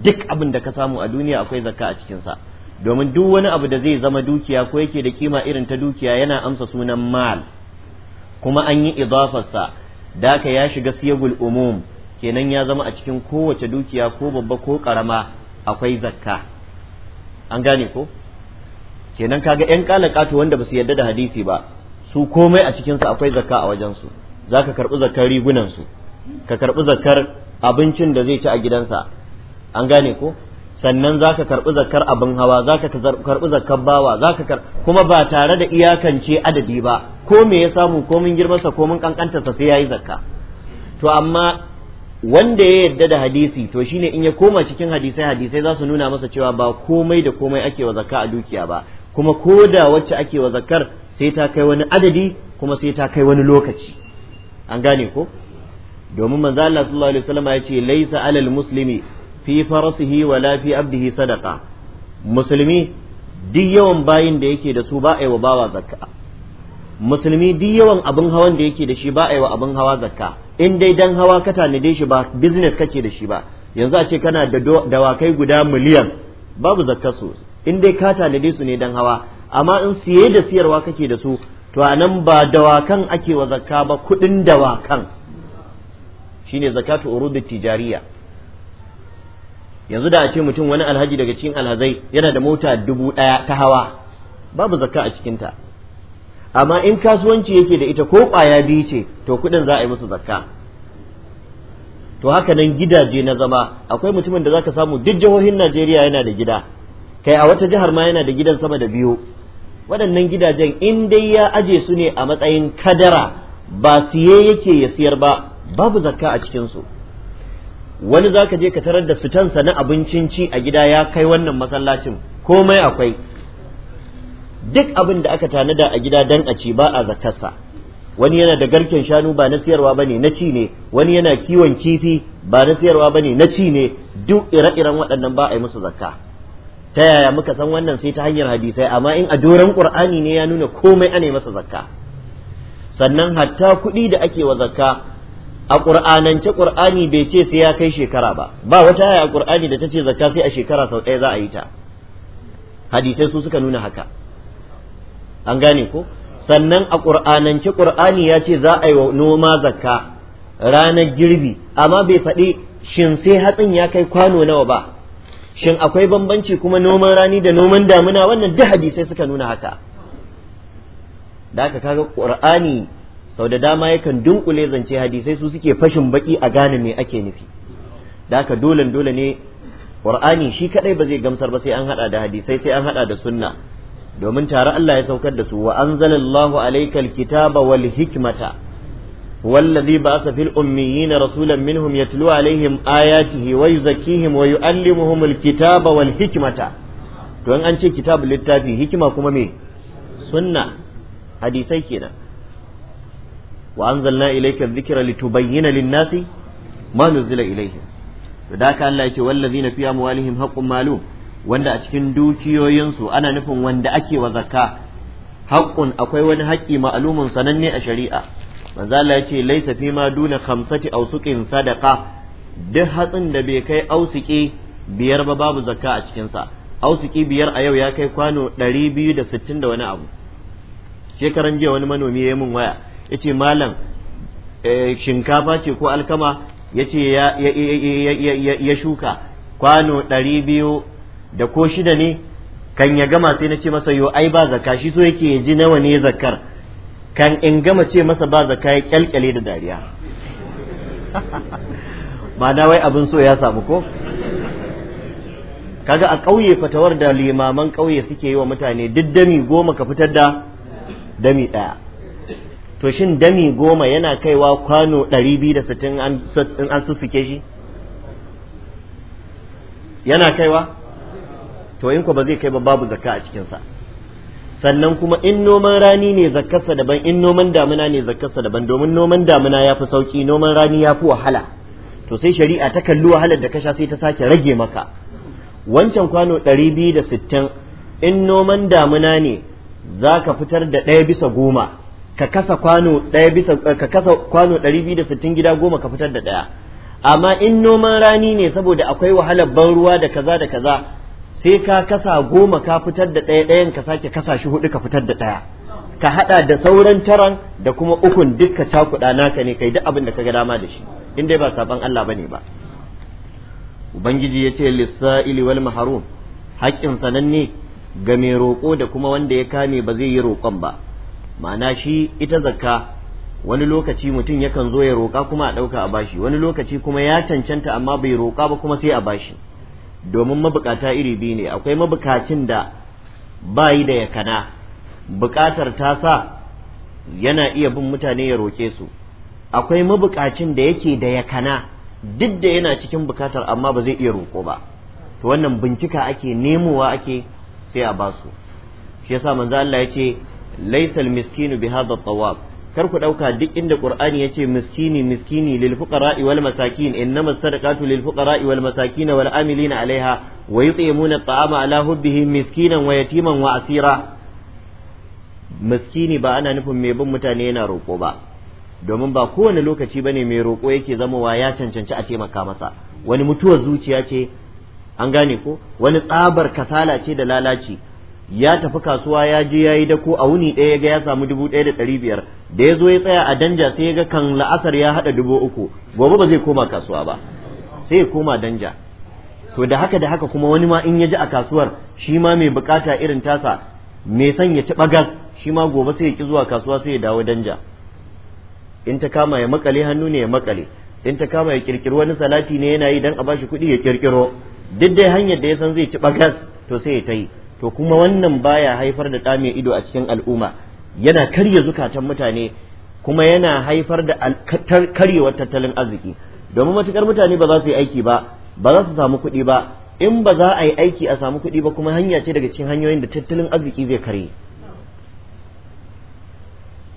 duk abin da ka samu a duniya akwai zakka a cikinsa domin duk wani abu da zai zama dukiya ko yake da kima irin ta dukiya yana amsa sunan mal kuma an yi idafarsa da ya shiga siyagul umum kenan ya zama a cikin kowace dukiya ko babba ko karama akwai zakka an gane ko kenan kaga yan kalakatu wanda ba su yarda da hadisi ba su komai a cikinsu akwai zakka a wajensu za ka karɓi zakkar rigunansu ka karɓi zakkar abincin da zai ci a gidansa an gane ko sannan za ka karɓi zakkar abin hawa za ka karɓi zakkar bawa za ka kuma ba tare da iyakance adadi ba ko me ya samu ko mun girmansa ko mun sa sai ya yi zakka to amma wanda ya yarda da hadisi to shine in ya koma cikin hadisai hadisai za su nuna masa cewa ba komai da komai ake wa zakka a dukiya ba kuma ko da wacce ake wa zakkar sai ta kai wani adadi kuma sai ta kai wani lokaci an gane ko domin manzo Allah sallallahu alaihi wasallam ya ce laisa alal muslimi fi farasihi wala fi abdihi sadaqa musulmi duk yawan bayin da yake da su ba a yi wa zakka musulmi duk yawan abin hawan da yake da shi ba a yi wa abin hawa zakka in dai dan hawa ka tanade shi ba business kake da shi ba yanzu a ce kana da dawakai guda miliyan babu zakka su in dai ka tanade su ne dan hawa amma in siye da siyarwa kake da su to a nan ba dawakan ake wa zakka ba kuɗin dawakan shine zakatu urudut tijariya yanzu da a ce mutum wani alhaji daga cikin alhazai yana da mota dubu ɗaya ta hawa babu zakka a cikinta amma in kasuwanci yake da ita ko kwaya biyu ce to kuɗin za a yi musu zakka to haka nan gidaje na zama akwai mutumin da zaka samu duk jihohin Najeriya yana da gida kai a wata jihar ma yana da gidan sama da biyu waɗannan gidajen in dai ya aje su ne a matsayin kadara ba siye yake ya siyar ba babu zakka a cikinsu wani za ka je ka tarar da fitansa na abincin ci a gida ya kai wannan masallacin komai akwai duk abin da aka tanada a gida dan a ci ba a zakarsa wani yana da garken shanu ba na siyarwa bane na ci ne wani yana kiwon kifi ba na siyarwa bane na ci ne duk ire-iren waɗannan ba a yi musu zakka ta yaya muka san wannan sai ta hanyar hadisai amma in a doron qur'ani ne ya nuna komai ana masa zakka sannan hatta kuɗi da ake wa zakka a qur'anance qur'ani bai ce sai ya kai shekara ba ba wata haya a qur'ani da ta ce zakka sai a shekara sau ɗaya za a yi ta hadisai su suka nuna haka an gane ko sannan a qur'anance qur'ani ya ce za a yi wa noma zakka ranar girbi amma bai faɗi shin sai hatsin ya kai kwano nawa ba shin akwai bambanci kuma noman rani da noman damuna wannan duk hadisai suka nuna haka da aka kaga ƙur'ani sau da dama yakan dunkule zance hadisai su suke fashin baki a gane me ake nufi da aka dole dole ne ƙur'ani shi kadai ba zai gamsar ba sai an hada da hadisai sai an hada da sunna domin tare Allah ya saukar da su wa anzalallahu alaykal kitaba wal hikmata والذي بعث في الأميين رسولا منهم يتلو عليهم آياته ويزكيهم ويعلمهم الكتاب والحكمة to an ce kitabul littafi hikima kuma me sunna hadisai kenan wa anzalna ilayka dhikra litubayyana lin-nasi ma nuzila ilayhim to da ka Allah yake wallazina fi amwalihim haqqun malum wanda a cikin dukiyoyinsu ana nufin wanda ake wa zakka haqqun akwai wani haƙƙi ma'lumun sananne a shari'a manzo Allah ya ce laisa fi ma duna khamsati suqin sadaqa duk hatsin da bai kai ausiki biyar ba babu zakka a cikin sa biyar a yau ya kai kwano 260 da wani abu shekaran jiya wani manomi ya min waya yace malam eh, shinkafa ce ko alkama yace ya ya shuka kwano 200 da ko shida ne kan ya gama sai na ce masa yo ai ba zakka shi so yake ya ji nawa ne zakkar kan in gama ce masa ba zaka ya kyalkyale da dariya na wai abin so ya samu ko kaga a ƙauye fatawar da limaman ƙauye suke yi wa mutane duk dami goma ka fitar da dami ɗaya to shin dami goma yana kaiwa kwano ɗari biyu da sittin an sussuke shi yana kaiwa to in ba zai kai ba babu zakka a cikinsa sannan kuma in noman rani ne zakkarsa daban in noman damina ne zakkarsa daban domin noman damina ya fi sauki noman rani ya fi wahala to sai shari'a ta kalli wahalar da ka sai ta sake rage maka wancan kwano 260 in noman damina ne za ka fitar da ɗaya bisa goma ka kasa kwano ɗaya gida goma ka fitar da ɗaya amma in noman rani ne saboda akwai wahalar ban ruwa da kaza da kaza sai ka kasa goma ka fitar da ɗaya ɗayan ka sake kasa shi hudu ka fitar da ɗaya ka haɗa da sauran taron da kuma ukun dukka cakuɗa naka ne kai duk abin da ka ga dama da shi in dai ba saban Allah bane ba ubangiji ya ce lissa'ili wal maharum haƙƙin sananne ga mai roƙo da kuma wanda ya kame ba zai yi roƙon ba ma'ana shi ita zakka wani lokaci mutum yakan zo ya roƙa kuma a ɗauka a bashi wani lokaci kuma ya cancanta amma bai roƙa ba kuma sai a bashi domin mabukata iri biyu ne akwai mabukacin da ba yi da yakana bukatar ta sa yana iya bin mutane ya roke su akwai mabukacin da yake da yakana duk da yana cikin bukatar amma ba zai iya roko ba to wannan bincika ake nemowa ake sai a ba su shi yasa manzo Allah ya ce laysal miskinu bi hadha tawab kar ku ɗauka duk inda qur'ani yace miskini miskini lil fuqara'i wal masakin innamas sadaqatu lil fuqara'i wal masakin wal amilina 'alaiha wa yut'imuna at'ama ala hubbihim miskinan wa yatiman wa asira miskini ba ana nufin mai bin mutane yana roƙo ba domin ba kowane lokaci bane mai roƙo yake zamowa ya cancanci a taimaka masa wani mutuwar zuciya ce an gane ko wani tsabar kasala ce da lalaci ya tafi kasuwa ya je ya yi dako a wuni ɗaya ya ga ya samu dubu ɗaya da ɗari biyar da ya zo ya tsaya a danja sai ya ga kan la'asar ya haɗa dubu uku gobe ba zai koma kasuwa ba sai ya koma danja to da haka da haka kuma wani ma in ya ji a kasuwar shi ma mai bukata irin tasa mai son ya ci bagas shi ma gobe sai ya ki zuwa kasuwa sai ya dawo danja in ta kama ya makale hannu ne ya makale in ta kama ya kirkiro wani salati ne yana yi dan a bashi kuɗi ya kirkiro duk dai hanyar da ya san zai ci bagas to sai ya ta yi to kuma wannan baya haifar da ɗa mai ido a cikin al'umma yana karya zukatan mutane kuma yana haifar da karyewar tattalin arziki domin matukar mutane ba za su yi aiki ba ba za su samu kuɗi ba in ba za a yi aiki a samu kuɗi ba kuma hanya ce daga cikin hanyoyin da tattalin arziki zai karye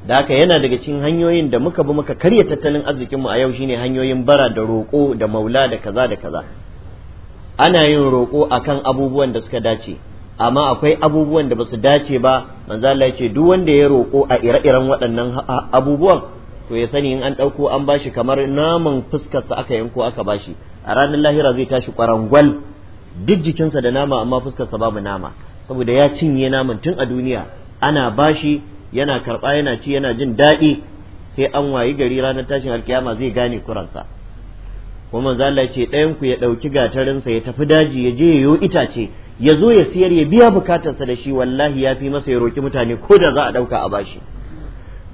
da haka yana daga cikin hanyoyin da muka bi muka karya tattalin arzikinmu a yau shine hanyoyin bara da roƙo da maula da kaza da kaza ana yin roƙo akan abubuwan da suka dace amma akwai abubuwan da ba su dace ba manzo Allah duk wanda ya roko a ire-iren waɗannan abubuwan to ya sani in an ɗauko an bashi kamar naman fuskarsa aka yanko aka bashi a ranar lahira zai tashi kwarangwal duk jikinsa da nama amma fuskarsa babu nama saboda ya cinye naman tun a duniya ana bashi yana karɓa yana ci yana jin daɗi sai an wayi gari ranar tashin alkiyama zai gane kuransa kuma manzo Allah ce ɗayan ku ya ɗauki gatarinsa ya tafi daji ya je ya yo itace ya zo ya siyar ya biya bukatarsa da shi wallahi ya fi masa ya roki mutane ko da za a ɗauka a bashi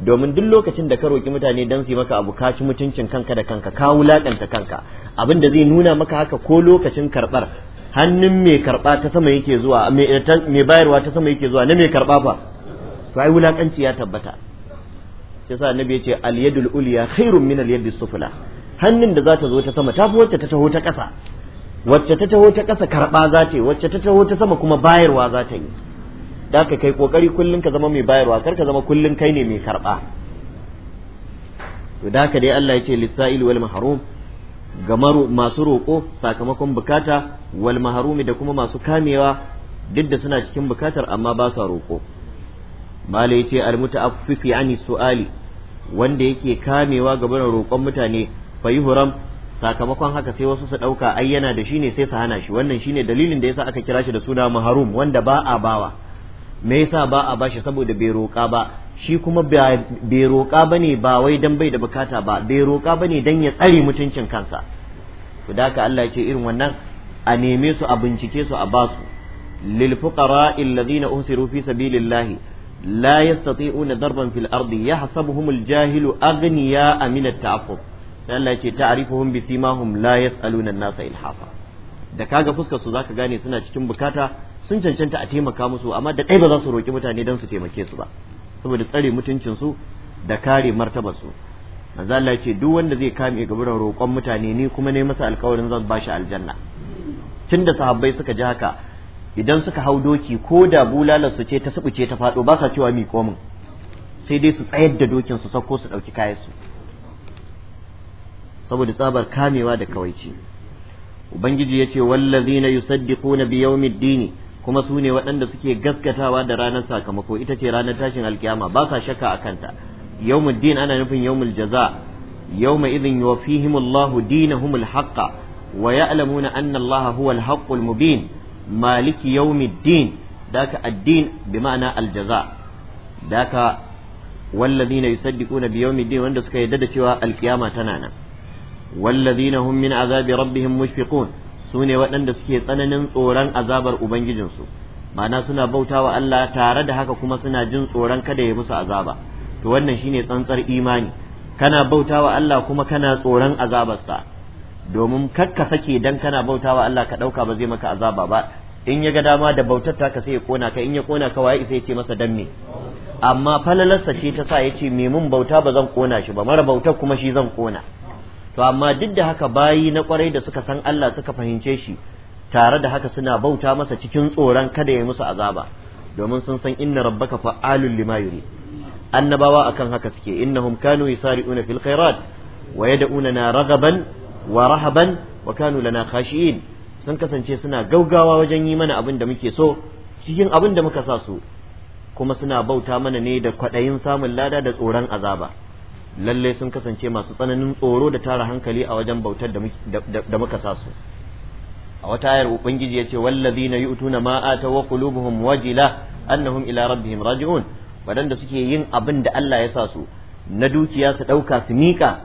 domin duk lokacin da ka roki mutane don su maka abu kaci mutuncin kanka da kanka ka wulaƙanta kanka abin da zai nuna maka haka ko lokacin karɓar hannun mai karɓa ta sama yake zuwa mai eh, bayarwa ta sama yake zuwa na mai karɓa fa to ai wulaƙanci ya tabbata shi yasa annabi yace ce al yadul uliya khairun min al yadis sufla hannun da za ta zo ta sama ta fi wacce ta taho ta ƙasa wacce ta taho ta ƙasa karɓa za ta yi wacce ta taho ta sama kuma bayarwa za ta yi da ka kai ƙoƙari kullum ka zama mai bayarwa kar ka zama kullum kai ne mai karɓa to da ka dai Allah ya ce lissa'il wal mahrum ga masu roƙo sakamakon bukata wal mahrumi da kuma masu kamewa duk da suna cikin bukatar amma ba sa roƙo mala ya ce al mutaaffifi ani su'ali wanda yake kamewa ga roƙon mutane fa yuhram sakamakon haka sai wasu su ɗauka ai yana da shi ne sai su hana shi wannan shine dalilin da yasa aka kira shi da suna maharum wanda ba a bawa me yasa ba a bashi saboda bai roƙa ba shi kuma bai roƙa bane ba wai dan bai da bukata ba bai roƙa bane dan ya tsare mutuncin kansa to da haka Allah ce irin wannan a neme su a bincike su a basu lil fuqara alladhina usiru fi sabilillahi لا يستطيعون ضربا في الأرض يحسبهم الجاهل أغنياء aminat التعفف Allah ce ta'rifuhum bi simahum la yas'aluna an-nasa ilhafa da kaga fuskar su zaka gane suna cikin bukata sun cancanta a taimaka musu amma da kai ba za su roki mutane dan su taimake su ba saboda tsare mutuncin su da kare martabar su manzo Allah ce duk wanda zai kame gaburan roƙon mutane ni kuma ne masa alƙawarin zan ba shi aljanna tunda sahabbai suka ji haka idan suka hau doki ko da bulalar su ce ta subuce ta fado ba sa cewa mi komin sai dai su tsayar da dokin su sako su ɗauki kayan su saboda tsabar kamewa da kawaici ubangiji ya ce wallazina yusaddiquna bi yawmiddini kuma su ne waɗanda suke gaskatawa da ranar sakamako ita ce ranar tashin alkiyama ba sa shakka a kanta yawmuddin ana nufin yawmul jaza yawma idhin yuwaffihimullahu dinahumul haqqa wa ya'lamuna anna allaha huwal haqqul mubin maliki yawmiddin daka addin bi ma'ana aljaza daka wallazina yusaddiquna bi yawmiddin wanda suka yarda da cewa alkiyama tana nan والذين هم من عذاب ربهم مشفقون سوني waɗanda suke tsananin tsoron azabar ubangijinsu ma'ana suna bauta wa Allah tare da haka kuma suna jin tsoron kada ya musu azaba to wannan shine tsantsar imani kana bautawa Allah kuma kana tsoron azabarsa domin kakka sake dan kana bauta wa Allah ka dauka ba zai maka azaba ba in ya ga dama da bautar ka sai ya kona ka in ya kona ka waye sai ya ce masa dan amma falalarsa ce ta sa ya ce me mun bauta ba zan kona shi ba mara bautar kuma shi zan kona to amma duk da haka bayi na kwarai da suka san Allah suka fahimce shi tare da haka suna bauta masa cikin tsoron kada ya musu azaba domin sun san inna rabbaka fa'alul lima yuri annabawa akan haka suke innahum kanu yusari'una fil khairat wa na ragaban wa rahaban wa kanu lana khashi'in sun kasance suna gaugawa wajen yi mana abin da muke so cikin abin da muka sa su kuma suna bauta mana ne da kwaɗayin samun lada da tsoron azaba lalle sun kasance masu tsananin tsoro da tara hankali a wajen bautar da muka sa su a wata ayar ubangiji yace na yu'tuna ma'a ta wa qulubuhum wajila annahum ila rabbihim raji'un wadanda suke yin abin da Allah ya sa su na dukiya su ɗauka su mika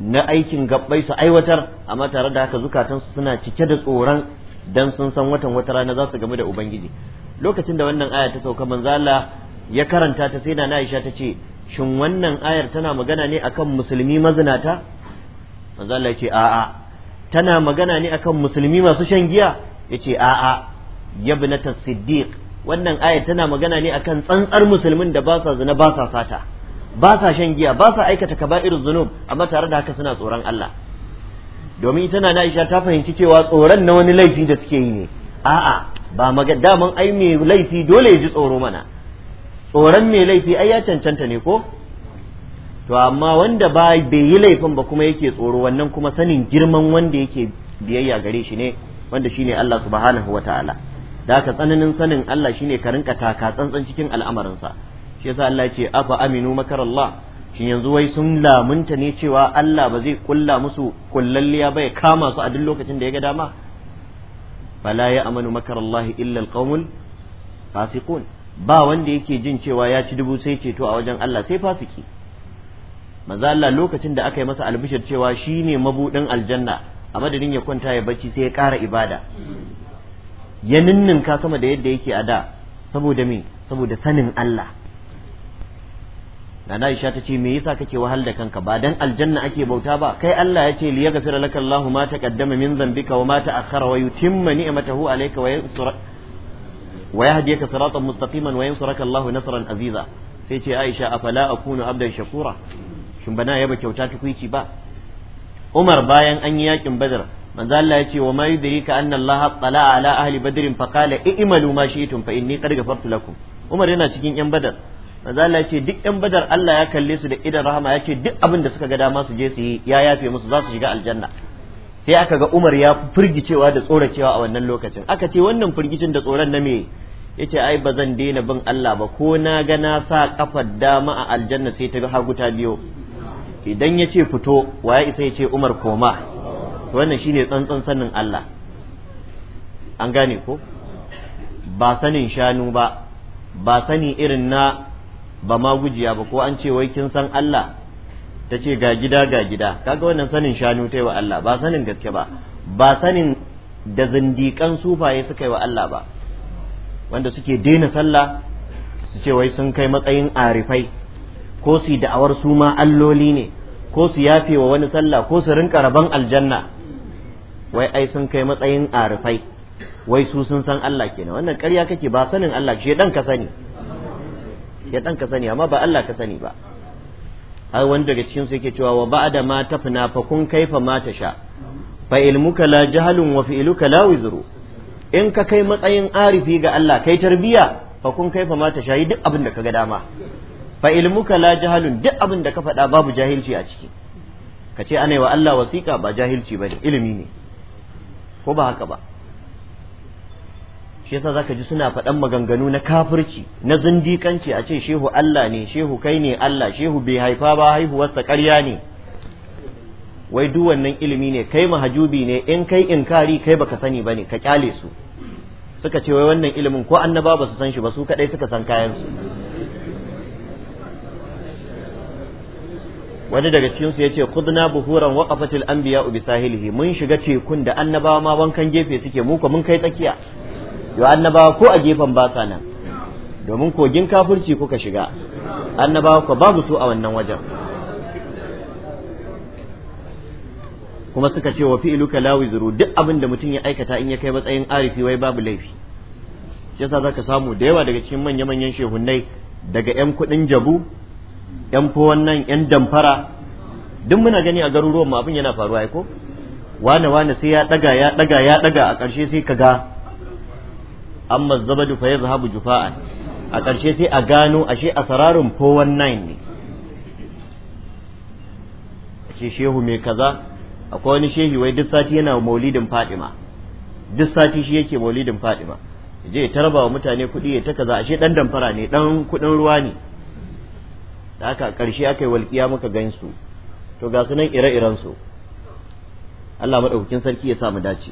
na aikin gabbai su aiwatar amma tare da haka zukatansu suna cike da tsoron dan sun san watan wata rana za su gamu da ubangiji lokacin da wannan aya ta sauka Manzala ya karanta ta sai na Aisha ta ce shin wannan ayar tana magana ne akan musulmi mazinata manzo Allah ce a'a tana magana ne akan musulmi masu shan giya ya ce a'a yabnata siddiq wannan ayar tana magana ne akan tsantsar musulmin da ba sa zina ba sa sata ba sa shan giya ba sa aikata kaba'irul zunub amma tare da haka suna tsoron Allah domin ita na Aisha ta fahimci cewa tsoron na wani laifi da suke yi ne a'a ba maga daman ai mai laifi dole ya ji tsoro mana tsoron mai laifi ai ya cancanta ne ko to amma wanda ba bai yi laifin ba kuma yake tsoro wannan kuma sanin girman wanda yake biyayya gare shi ne wanda shine Allah subhanahu wataala da ka tsananin sanin Allah shine ka rinka taka tsantsan cikin al'amarinsa shi yasa Allah ce afa aminu makarallah shi yanzu wai sun lamunta ne cewa Allah ba zai kulla musu kullalliya ba ya kama su a duk lokacin da ya ga dama fala ya amanu makarallahi illa alqaumul fasiqun ba wanda yake jin cewa ya ci dubu sai ceto a wajen Allah sai fasiki manzo Allah lokacin da aka yi masa albishir cewa shine mabudin aljanna a madadin ya kwanta ya bacci sai ya kara ibada ya ninninka sama da yadda yake a da saboda me saboda sanin Allah Nana Aisha ta ce me yasa kake wahal da kanka ba dan aljanna ake bauta ba kai Allah ya ce liyaghfira lakallahu Lahu ma taqaddama min dhanbika wa ma ta'akhkhara wa yutimma ni'matahu alayka wa wa yahdiyaka siratan mustaqiman wa yansuraka Allahu nasran aziza sai ce Aisha a akunu abdan shakura shin bana ya yaba kyauta tukwici ba Umar bayan an yi yakin Badar manzo ya ce wa ma yudrika anna Allah tala ala ahli badrin fa qala i'malu ma shi'tum fa inni qad ghafartu lakum Umar yana cikin yan Badar manzo ya ce duk yan Badar Allah ya kalle su da idan rahama ya ce duk abinda suka ga dama su je su ya yafe musu za su shiga aljanna sai aka ga Umar ya fi firgicewa da tsoracewa a wannan lokacin aka ce wannan firgicin da tsoron na me yace ai ba zan daina bin Allah ba ko na ga na sa kafar dama a aljanna sai ta bi hagu ta biyo idan yace ce fito waye isa yace Umar koma wannan shine tsantsan sanin Allah an gane ko ba sanin shanu ba ba sani irin na ba ma gujiya ba ko an ce wai kin san Allah ta ce ga gida ga gida kaga wannan sanin shanu ta yi wa Allah ba sanin gaske ba ba sanin da zindikan sufaye suka yi wa Allah ba wanda suke daina sallah su ce wai sun kai matsayin arifai ko su da'awar su ma alloli ne ko su yafe wa wani sallah ko su rinka rabon aljanna wai ai sun kai matsayin arifai wai su sun san Allah kenan wannan karya kake ba sanin Allah shi dan ka sani ya dan ka sani amma ba Allah ka sani ba har wani daga cikin su yake cewa wa ba'da ma tafna fa kun kaifa ma tasha fa ilmuka la jahlun wa fi'luka la wizru in ka kai matsayin arifi ga Allah kai tarbiya fa kun kaifa ma tasha duk abin da kaga dama fa ilmuka la jahlun duk abin da ka faɗa babu jahilci a ciki ka ce ana wa Allah wasiƙa ba jahilci ba ilimi ne ko ba haka ba shi yasa zaka ji suna faɗan maganganu na kafirci na zindikanci a ce shehu Allah ne shehu kai ne Allah shehu bai haifa ba haihuwarsa ƙarya ne wai duk wannan ilimi ne kai mahajubi ne in kai inkari kai baka sani bane ka kyale su suka ce wai wannan ilimin ko annaba ba su san shi ba su kadai suka san kayan su wani daga cikin su yace khudna buhuran waqafatil anbiya bi sahilihi mun shiga tekun da annabawa ma wankan gefe suke mu ko mun kai tsakiya yo annabawa ko a gefen basa nan domin kogin kafirci kuka shiga annabawa ko babu su a wannan wajen kuma suka ce wa fi'iluka la zuru duk abin da mutum ya aikata in ya kai matsayin arifi wai babu laifi shi yasa zaka samu da yawa daga cikin manya-manyan shehunnai daga 'yan kuɗin jabu 'yan fowon wannan 'yan damfara duk muna gani a garuruwan mu abin yana faruwa ko wane wane sai ya daga ya daga ya daga a ƙarshe sai ka ga amma zabadu fa zahabu jufa'an a ƙarshe sai a gano ashe asararin 419 ne ce shehu mai kaza akwai wani shehi wai duk sati yana maulidin fadima duk sati shi yake maulidin fadima je ya rabawa wa mutane kuɗi ya ta kaza ashe ɗan damfara ne ɗan kuɗin ruwa ne da haka ƙarshe aka yi walƙiya muka gansu to ga su nan ire-iren su Allah madaukakin sarki ya sa mu dace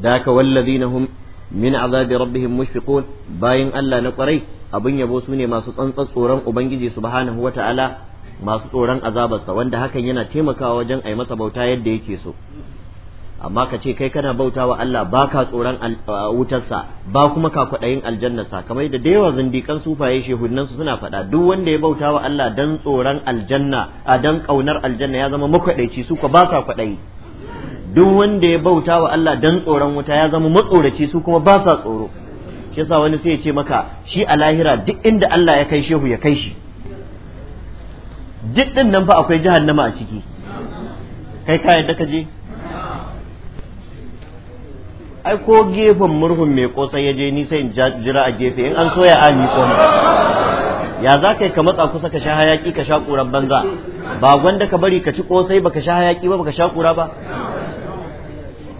da haka wallazi na min azabi rabbihim mushfiqun bayin Allah na kwarai abin yabo su ne masu tsantsan tsoron ubangiji subhanahu wata'ala masu tsoron azabarsa wanda hakan yana taimakawa wajen ai masa bauta yadda yake so amma ka ce kai kana bauta wa Allah baka tsoron wutarsa ba kuma ka kwaɗayin sa kamar da da yawa zindikan sufaye shehunan su suna faɗa duk wanda ya bauta wa Allah dan tsoron aljanna a dan ƙaunar aljanna ya zama makwaɗaici su ko ba ka kwaɗayi duk wanda ya bauta wa Allah dan tsoron wuta ya zama matsoraci su kuma ba sa tsoro shi yasa wani sai ya ce maka shi a lahira duk inda Allah ya kai shehu ya kai shi duk din nan fa akwai jahannama a ciki kai ka yadda ka je ai ko gefen murhun mai kosai ya je ni sai in jira a gefe in an soya ni ko ya za ka yi ka matsa kusa ka sha hayaki ka sha ƙuran banza ba gwanda ka bari ka ci kosai baka sha hayaki ba baka sha ƙura ba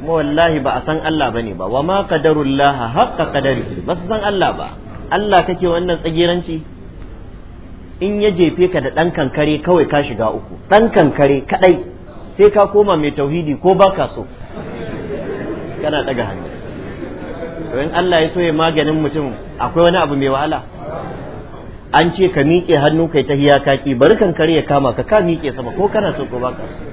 kuma wallahi ba a san Allah bane ba wa ma qadarullah haqqa qadarihi ba su san Allah ba Allah kake wannan tsagiranci in ya jefe ka da ɗan kankare kawai ka shiga uku ɗan kankare kaɗai sai ka koma mai tauhidi ko ba ka so kana ɗaga hannu to in Allah ya so ya maganin mutum akwai wani abu mai wahala an ce ka miƙe hannu kai ta hiyaka ki bari kankare ya kama ka ka miƙe sama ko kana so ko ba ka so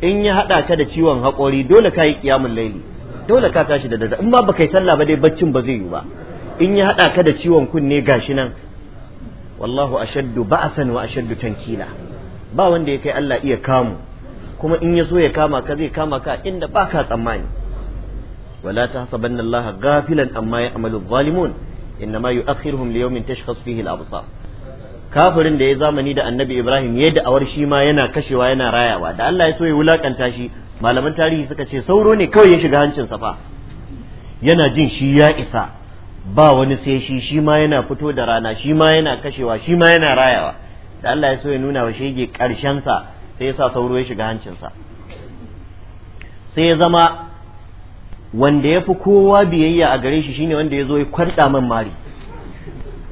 in ya haɗa ka da ciwon haƙori dole ka yi kiyamun laili dole ka tashi da dare in ba baka yi sallah ba dai baccin ba zai yi ba in ya haɗa ka da ciwon kunne ga shi nan wallahu ashaddu ba'san wa ashaddu tankila ba wanda ya kai Allah iya kamu kuma in ya so ya kama ka zai kama ka inda baka tsammani wala tahsabanna Allah ghafilan amma ya'malu adh-dhalimun innama yu'akhiruhum liyawmin tashkhasu fihi al-absar kafirin da ya zamani da annabi ibrahim ya da'awar shi ma yana kashewa yana rayawa da allah ya so ya wulakanta shi malaman tarihi suka ce sauro ne kawai ya shiga hancin safa yana jin shi ya isa ba wani sai shi shi ma yana fito da rana shi ma yana kashewa shi ma yana rayawa da allah ya so ya nuna wa shege karshen sa sai yasa sauro ya shiga hancinsa sai ya zama wanda ya fi kowa biyayya a gare shi shine wanda ya zo ya kwarɗa man mari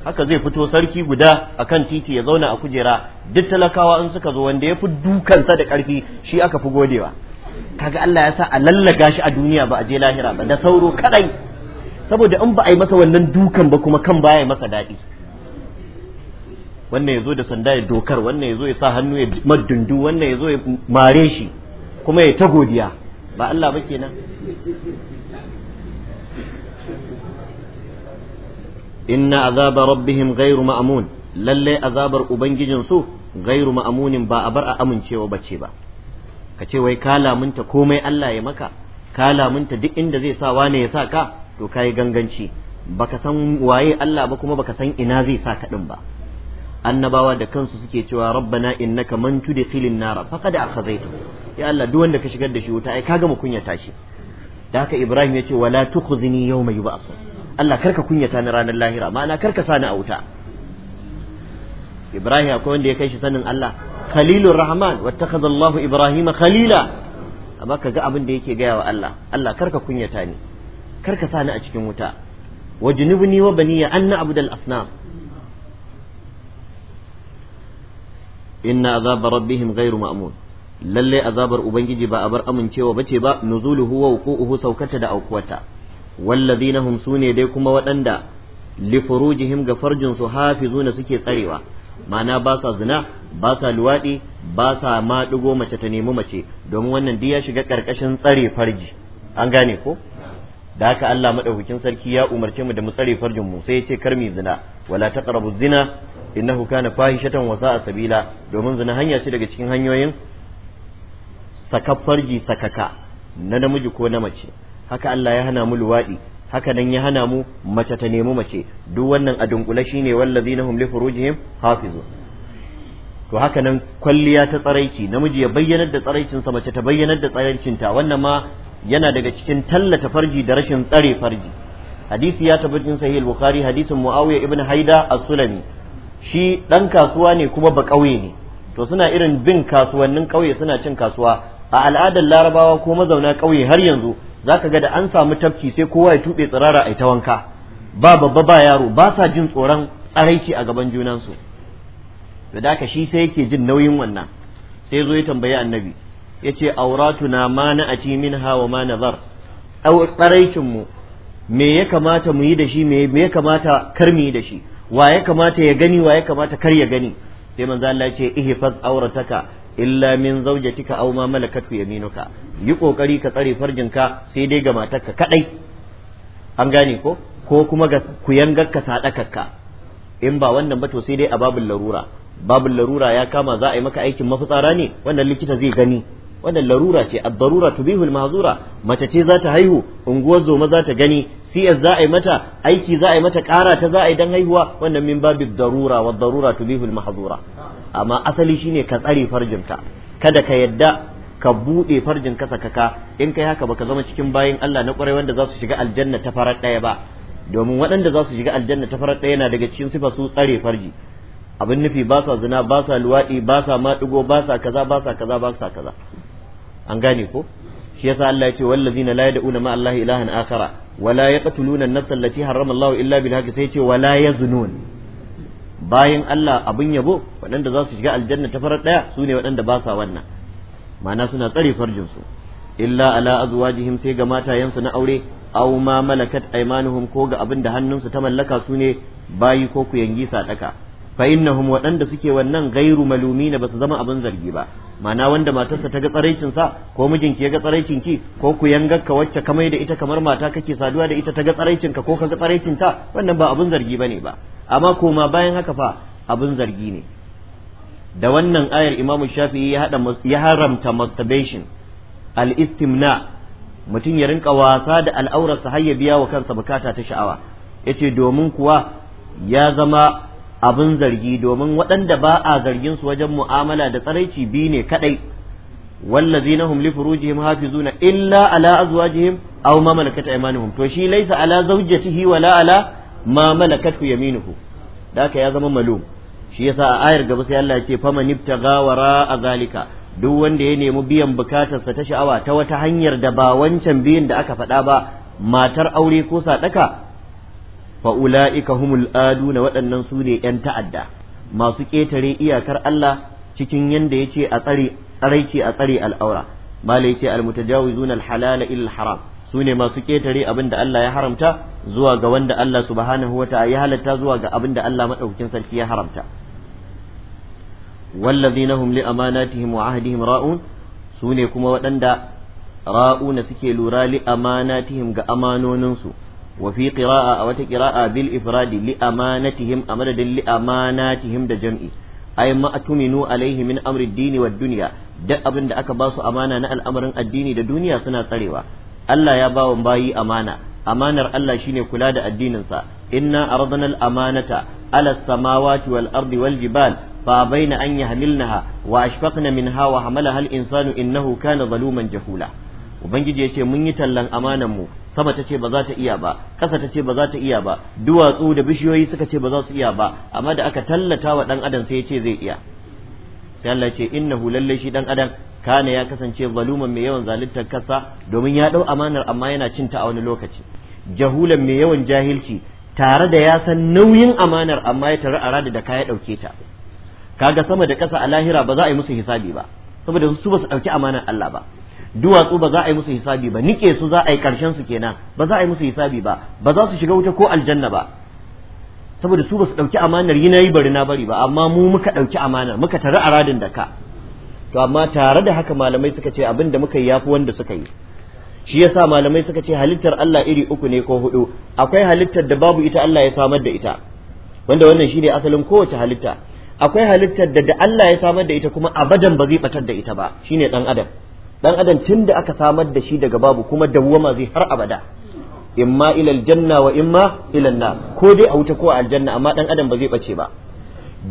haka zai fito sarki guda a kan titi ya zauna a kujera duk talakawa in suka zo wanda ya fi dukansa da ƙarfi shi aka fi godewa kaga Allah ya sa a lallaga shi a duniya ba a je lahira ba da sauro kadai saboda in ba a yi masa wannan dukan ba kuma kan baya masa daɗi wannan ya zo da sanda ya dokar wannan ya zo ya sa hannu ya maddundu wannan ya zo ya mare shi kuma ya ta godiya ba Allah ba kenan inna azaba rabbihim ghairu ma'amun lalle azabar ubangijin su ghairu ma'amunin ba a bar a amincewa bace ba ka ce wai ka lamunta komai Allah ya maka ka lamunta duk inda zai sa wane ya sa ka to kai ganganci baka san waye Allah ba kuma baka san ina zai sa ka din ba annabawa da kansu suke cewa rabbana innaka man tudkhilin nara faqad akhazaitu ya Allah duk wanda ka shigar da shi wuta ai ka gama tashi da haka Ibrahim ya ce wala tukhzini yawma yub'asun Allah karka kunyata ni ranar lahira ma'ana karka sa a wuta Ibrahim akwai wanda ya kai shi sanin Allah Khalilur Rahman wattakhadha Allahu Ibrahim khalila amma kaga abin da yake gaya wa Allah Allah karka kunyata ni karka sa a cikin wuta wajnubni wa baniya an na'budal asnam inna azaba rabbihim ghairu ma'mun lalle azabar ubangiji ba a bar amincewa bace ba nuzuluhu wa uhu saukata da aukuwata wallazina hum sune dai kuma waɗanda li furujihim ga farjin su hafizuna suke tsarewa ma'ana ba sa zina ba sa luwaɗi ba sa ma mace ta nemi mace domin wannan dai ya shiga ƙarƙashin tsare farji an gane ko da haka Allah madaukakin sarki ya umarce mu da mu tsare farjin mu sai ya ce kar mu zina wala taqrabu zina innahu kana fahishatan wa sa'a sabila domin zina hanya ce daga cikin hanyoyin sakaffarji sakaka na namiji ko na mace haka Allah ya hana mu luwaɗi haka nan ya hana mu mace ta nemi mace duk wannan a dunkule shine na hum li furujihim hafizun to haka nan kwalliya ta tsaraici namiji ya bayyanar da tsaraicinsa mace ta bayyanar da ta wannan ma yana daga cikin tallata farji da rashin tsare farji hadisi ya tabbatin sahih al-bukhari hadisin muawiya ibn haida as-sulami shi dan kasuwa ne kuma ba kauye ne to suna irin bin kasuwannin kauye suna cin kasuwa a al'adar larabawa ko mazauna ƙauye har yanzu za ka ga da an samu tafki sai kowa ya tuɓe tsirara a ta wanka ba babba ba yaro ba sa jin tsoron tsaraici a gaban junansu da daka shi sai yake jin nauyin wannan sai zo ya tambayi annabi ya ce na ma na a min hawa ma nazar mu me ya kamata mu yi da shi me ya kamata kar mu yi da shi wa ya kamata ya gani wa ya kamata kar ya gani sai manzo Allah ya ce ihfaz aurataka illa min zawjatika aw ma malakat yaminuka yi kokari ka tsare farjinka sai dai ga matarka kadai an gane ko ko kuma ga kuyangarka sadakarka in ba wannan ba to sai dai a babul larura babul larura ya kama za a yi maka aikin mafitsara ne wannan likita zai gani wannan larura ce ad-darura tubihul mahzura mace ce za ta haihu unguwar zoma za ta gani siyas za a yi mata aiki za a yi mata ƙara ta za a yi dan haihuwa wannan min babu darura wa darura tubihul mahzura amma asali shine ka tsare farjin ka kada ka yadda ka buɗe farjin ka sakaka in kai haka baka zama cikin bayin Allah na ƙwarai wanda za su shiga aljanna ta farar ɗaya ba domin waɗanda za su shiga aljanna ta farar ɗaya na daga cikin sifa su tsare farji abin nufi ba sa zina ba sa luwaɗi ba sa maɗigo ba sa kaza ba sa kaza ba sa kaza an gane ko shi yasa Allah ya ce wallazina la yad'una ma Allah ilahan akhara wala yaqtuluna an-nafs allati harrama Allah illa bil haqqi sai ya ce wala yaznun bayan Allah abin yabo waɗanda za su shiga aljanna ta farar ɗaya su ne waɗanda ba sa wannan mana suna tsare farjinsu illa ala azwajihim sai ga matayensu na aure aw ma malakat aymanuhum ko ga abin da hannunsu ta mallaka su ne bayi ko ku yangi sadaka fa innahum waɗanda suke wannan ghairu malumina ba su zama abin zargi ba mana wanda matarsa ta ga tsaraicin sa ko mijinki ya ga tsaraicin ki ko ku yangarka wacce mai da ita kamar mata kake saduwa da ita ta ga tsaraicin ka ko ka ga tsaraicin ta wannan ba abin zargi bane ba amma koma bayan haka fa abin zargi ne da wannan ayar imam shafi'i ya haramta masturbation al istimna mutum ya rinka wasa da al'aurarsa har ya biya wa kansa bukata ta sha'awa Ya ce domin kuwa ya zama abin zargi domin waɗanda ba a zargin su wajen mu'amala da tsaraici bi ne kadai wallazina hum li furujihim hafizuna illa ala azwajihim aw ma malakat aymanuhum to shi laysa ala zawjatihi wala ala ma ku. yaminuhu daka ya zama malum shi yasa a ayar gaba sai Allah ya ce fama ibtaga wara a zalika duk wanda ya nemi biyan bukatarsa ta sha'awa ta wata hanyar da ba wancan biyan da aka faɗa ba matar aure ko sadaka fa ulaika humul aduna waɗannan su ne yan ta'adda masu ƙetare iyakar Allah cikin yanda ya ce a tsare tsaraici a tsare al'aura mala ya ce almutajawizuna alhalala ila alharam su ne masu ketare abin da Allah ya haramta zuwa ga wanda Allah subhanahu wa ta'ala ya halatta zuwa ga abin da Allah madaukakin sarki ya haramta wallazina hum li amanatihim wa ahdihim ra'un su ne kuma waɗanda ra'una suke lura li amanatihim ga amanoninsu wa fi qira'a a wata qira'a bil ifradi li amanatihim a madadin li amanatihim da jam'i ay ma atuminu alayhi min amri dini wa dunya duk abin da aka ba su amana na al'amarin addini da duniya suna tsarewa Allah ya bawa bayi amana amanar Allah shine kula da addininsa inna aradna al-amanata ala samawati wal ardi wal jibal fa baina an yahmilnaha wa ashfaqna minha wa hamalaha al-insanu innahu kana zaluman jahula ubangiji yace mun yi tallan amanan mu sama ta ce ba za ta iya ba ƙasa ta ce ba za ta iya ba duwatsu da bishiyoyi suka ce ba za su iya ba amma da aka tallata wa dan adam sai ya ce zai iya sai Allah ce innahu lalle shi dan adam kana ya kasance zaluman mai yawan zaluntar kasa domin ya ɗau amanar amma yana cinta a wani lokaci jahulan mai yawan jahilci tare da ya san nauyin amanar amma ya tare a rada da kaya ɗauke ta kaga sama da kasa a lahira ba za a yi musu hisabi ba saboda su ba su ɗauki amanar Allah ba duwatsu ba za a yi musu hisabi ba nike su za a yi karshen su kenan ba za a yi musu hisabi ba ba za su shiga wuta ko aljanna ba saboda su ba su ɗauki amanar yi na yi bari na bari ba amma mu muka ɗauki amanar muka tare a radin da ka to amma tare da haka malamai suka ce abin da muka yi yafi wanda suka yi shi yasa malamai suka ce halittar Allah iri uku ne ko hudu akwai halittar da babu ita Allah ya samar da ita wanda wannan shine asalin kowace halitta akwai halittar da da Allah ya samar da ita kuma abadan ba zai batar da ita ba shine dan adam dan adam tun da aka samar da shi daga babu kuma dawwama zai har abada imma ila aljanna wa imma ila nar ko dai a wuta ko a aljanna amma dan adam ba zai bace ba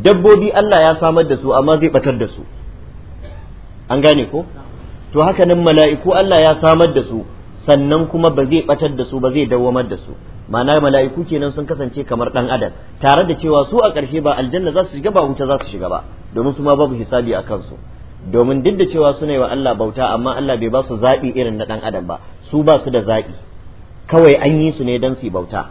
dabbobi Allah ya samar da su amma zai batar da su an gane ko to haka nan mala'iku Allah ya samar da su sannan kuma ba zai batar da su ba zai dawwamar da su ma'ana mala'iku kenan sun kasance kamar dan adam tare da cewa su a ƙarshe ba aljanna za su shiga ba wuta za su shiga ba domin su ma babu hisabi a kansu domin duk da cewa suna yi wa Allah bauta amma Allah bai ba su zaɓi irin na ɗan adam ba su ba su da zaɓi kawai an yi su ne don su bauta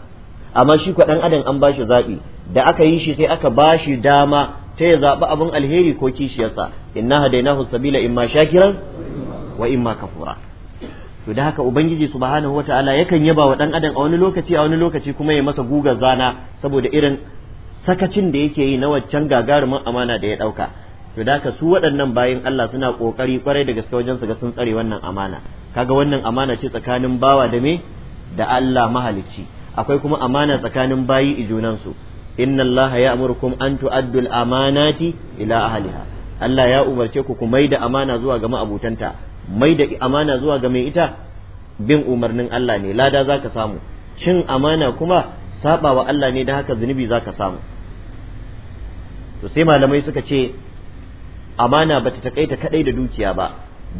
amma shi kwa ɗan adam an ba shi zaɓi da aka yi shi sai aka ba shi dama ta ya zaɓi abin alheri ko kishiyarsa inna hadainahu sabila imma shakiran wa imma kafura to da haka ubangiji subhanahu wataala yakan yaba wa dan adam a wani lokaci a wani lokaci kuma ya masa guga zana saboda irin sakacin da yake yi na waccan gagarumin amana da ya dauka to da haka su waɗannan bayin Allah suna kokari kwarai da gaske wajen su ga sun tsare wannan amana kaga wannan amana ce tsakanin bawa da me da Allah mahalicci akwai kuma amana tsakanin bayi ijunan junansu inna Allah ya'murukum an tu'addul amanati ila ahliha Allah ya umarce ku ku da amana zuwa ga ma'abutanta da amana zuwa ga mai ita bin umarnin Allah ne lada za ka samu cin amana kuma saba wa Allah ne da haka zunubi za ka samu to sai malamai suka ce amana bata takaita kadai da dukiya ba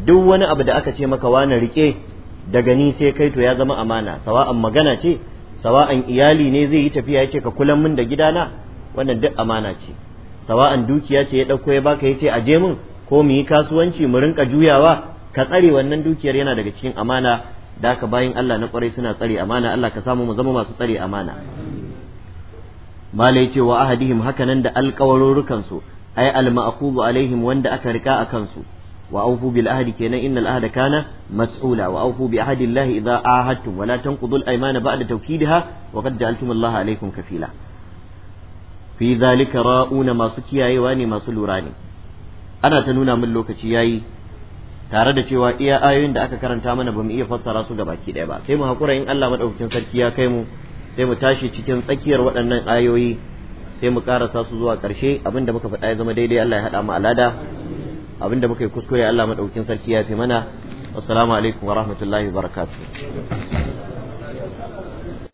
duk wani abu da aka ce maka wani rike daga ni sai kai to ya zama amana sawa'an magana ce sawa'an iyali ne zai yi tafiya ya ce ka kula min da gidana wannan duk amana ce sawa'an dukiya ce ya ɗauko ya baka ya ce aje mun ko mu yi kasuwanci mu rinka juyawa ka tsare wannan dukiyar yana daga cikin amana da aka bayin Allah na kwarai suna tsare amana Allah ka samu mu zama masu tsare amana malai ce wa ahadihim hakanan da alƙawarorukan su ai alma'khudhu alaihim wanda aka rika a kansu wa aufu bil ahdi kenan innal ahda kana mas'ula wa aufu bi ahdillahi idza ahadtum wa la tanqudul aymana ba'da tawkidiha wa qad ja'altum Allah alaikum kafila fi zalika ra'una masu kiyayewa ne masu lura ne ana ta nuna min lokaci yayi tare da cewa iya ayoyin da aka karanta mana bamu iya fassara su ga baki ɗaya ba sai mu hakura in Allah madaukakin sarki ya kai mu sai mu tashi cikin tsakiyar waɗannan ayoyi sai mu karasa su zuwa ƙarshe abinda muka faɗa ya zama daidai Allah ya haɗa mu alada abinda muka yi kuskure Allah madaukakin sarki ya fi mana assalamu alaikum wa rahmatullahi wa barakatuh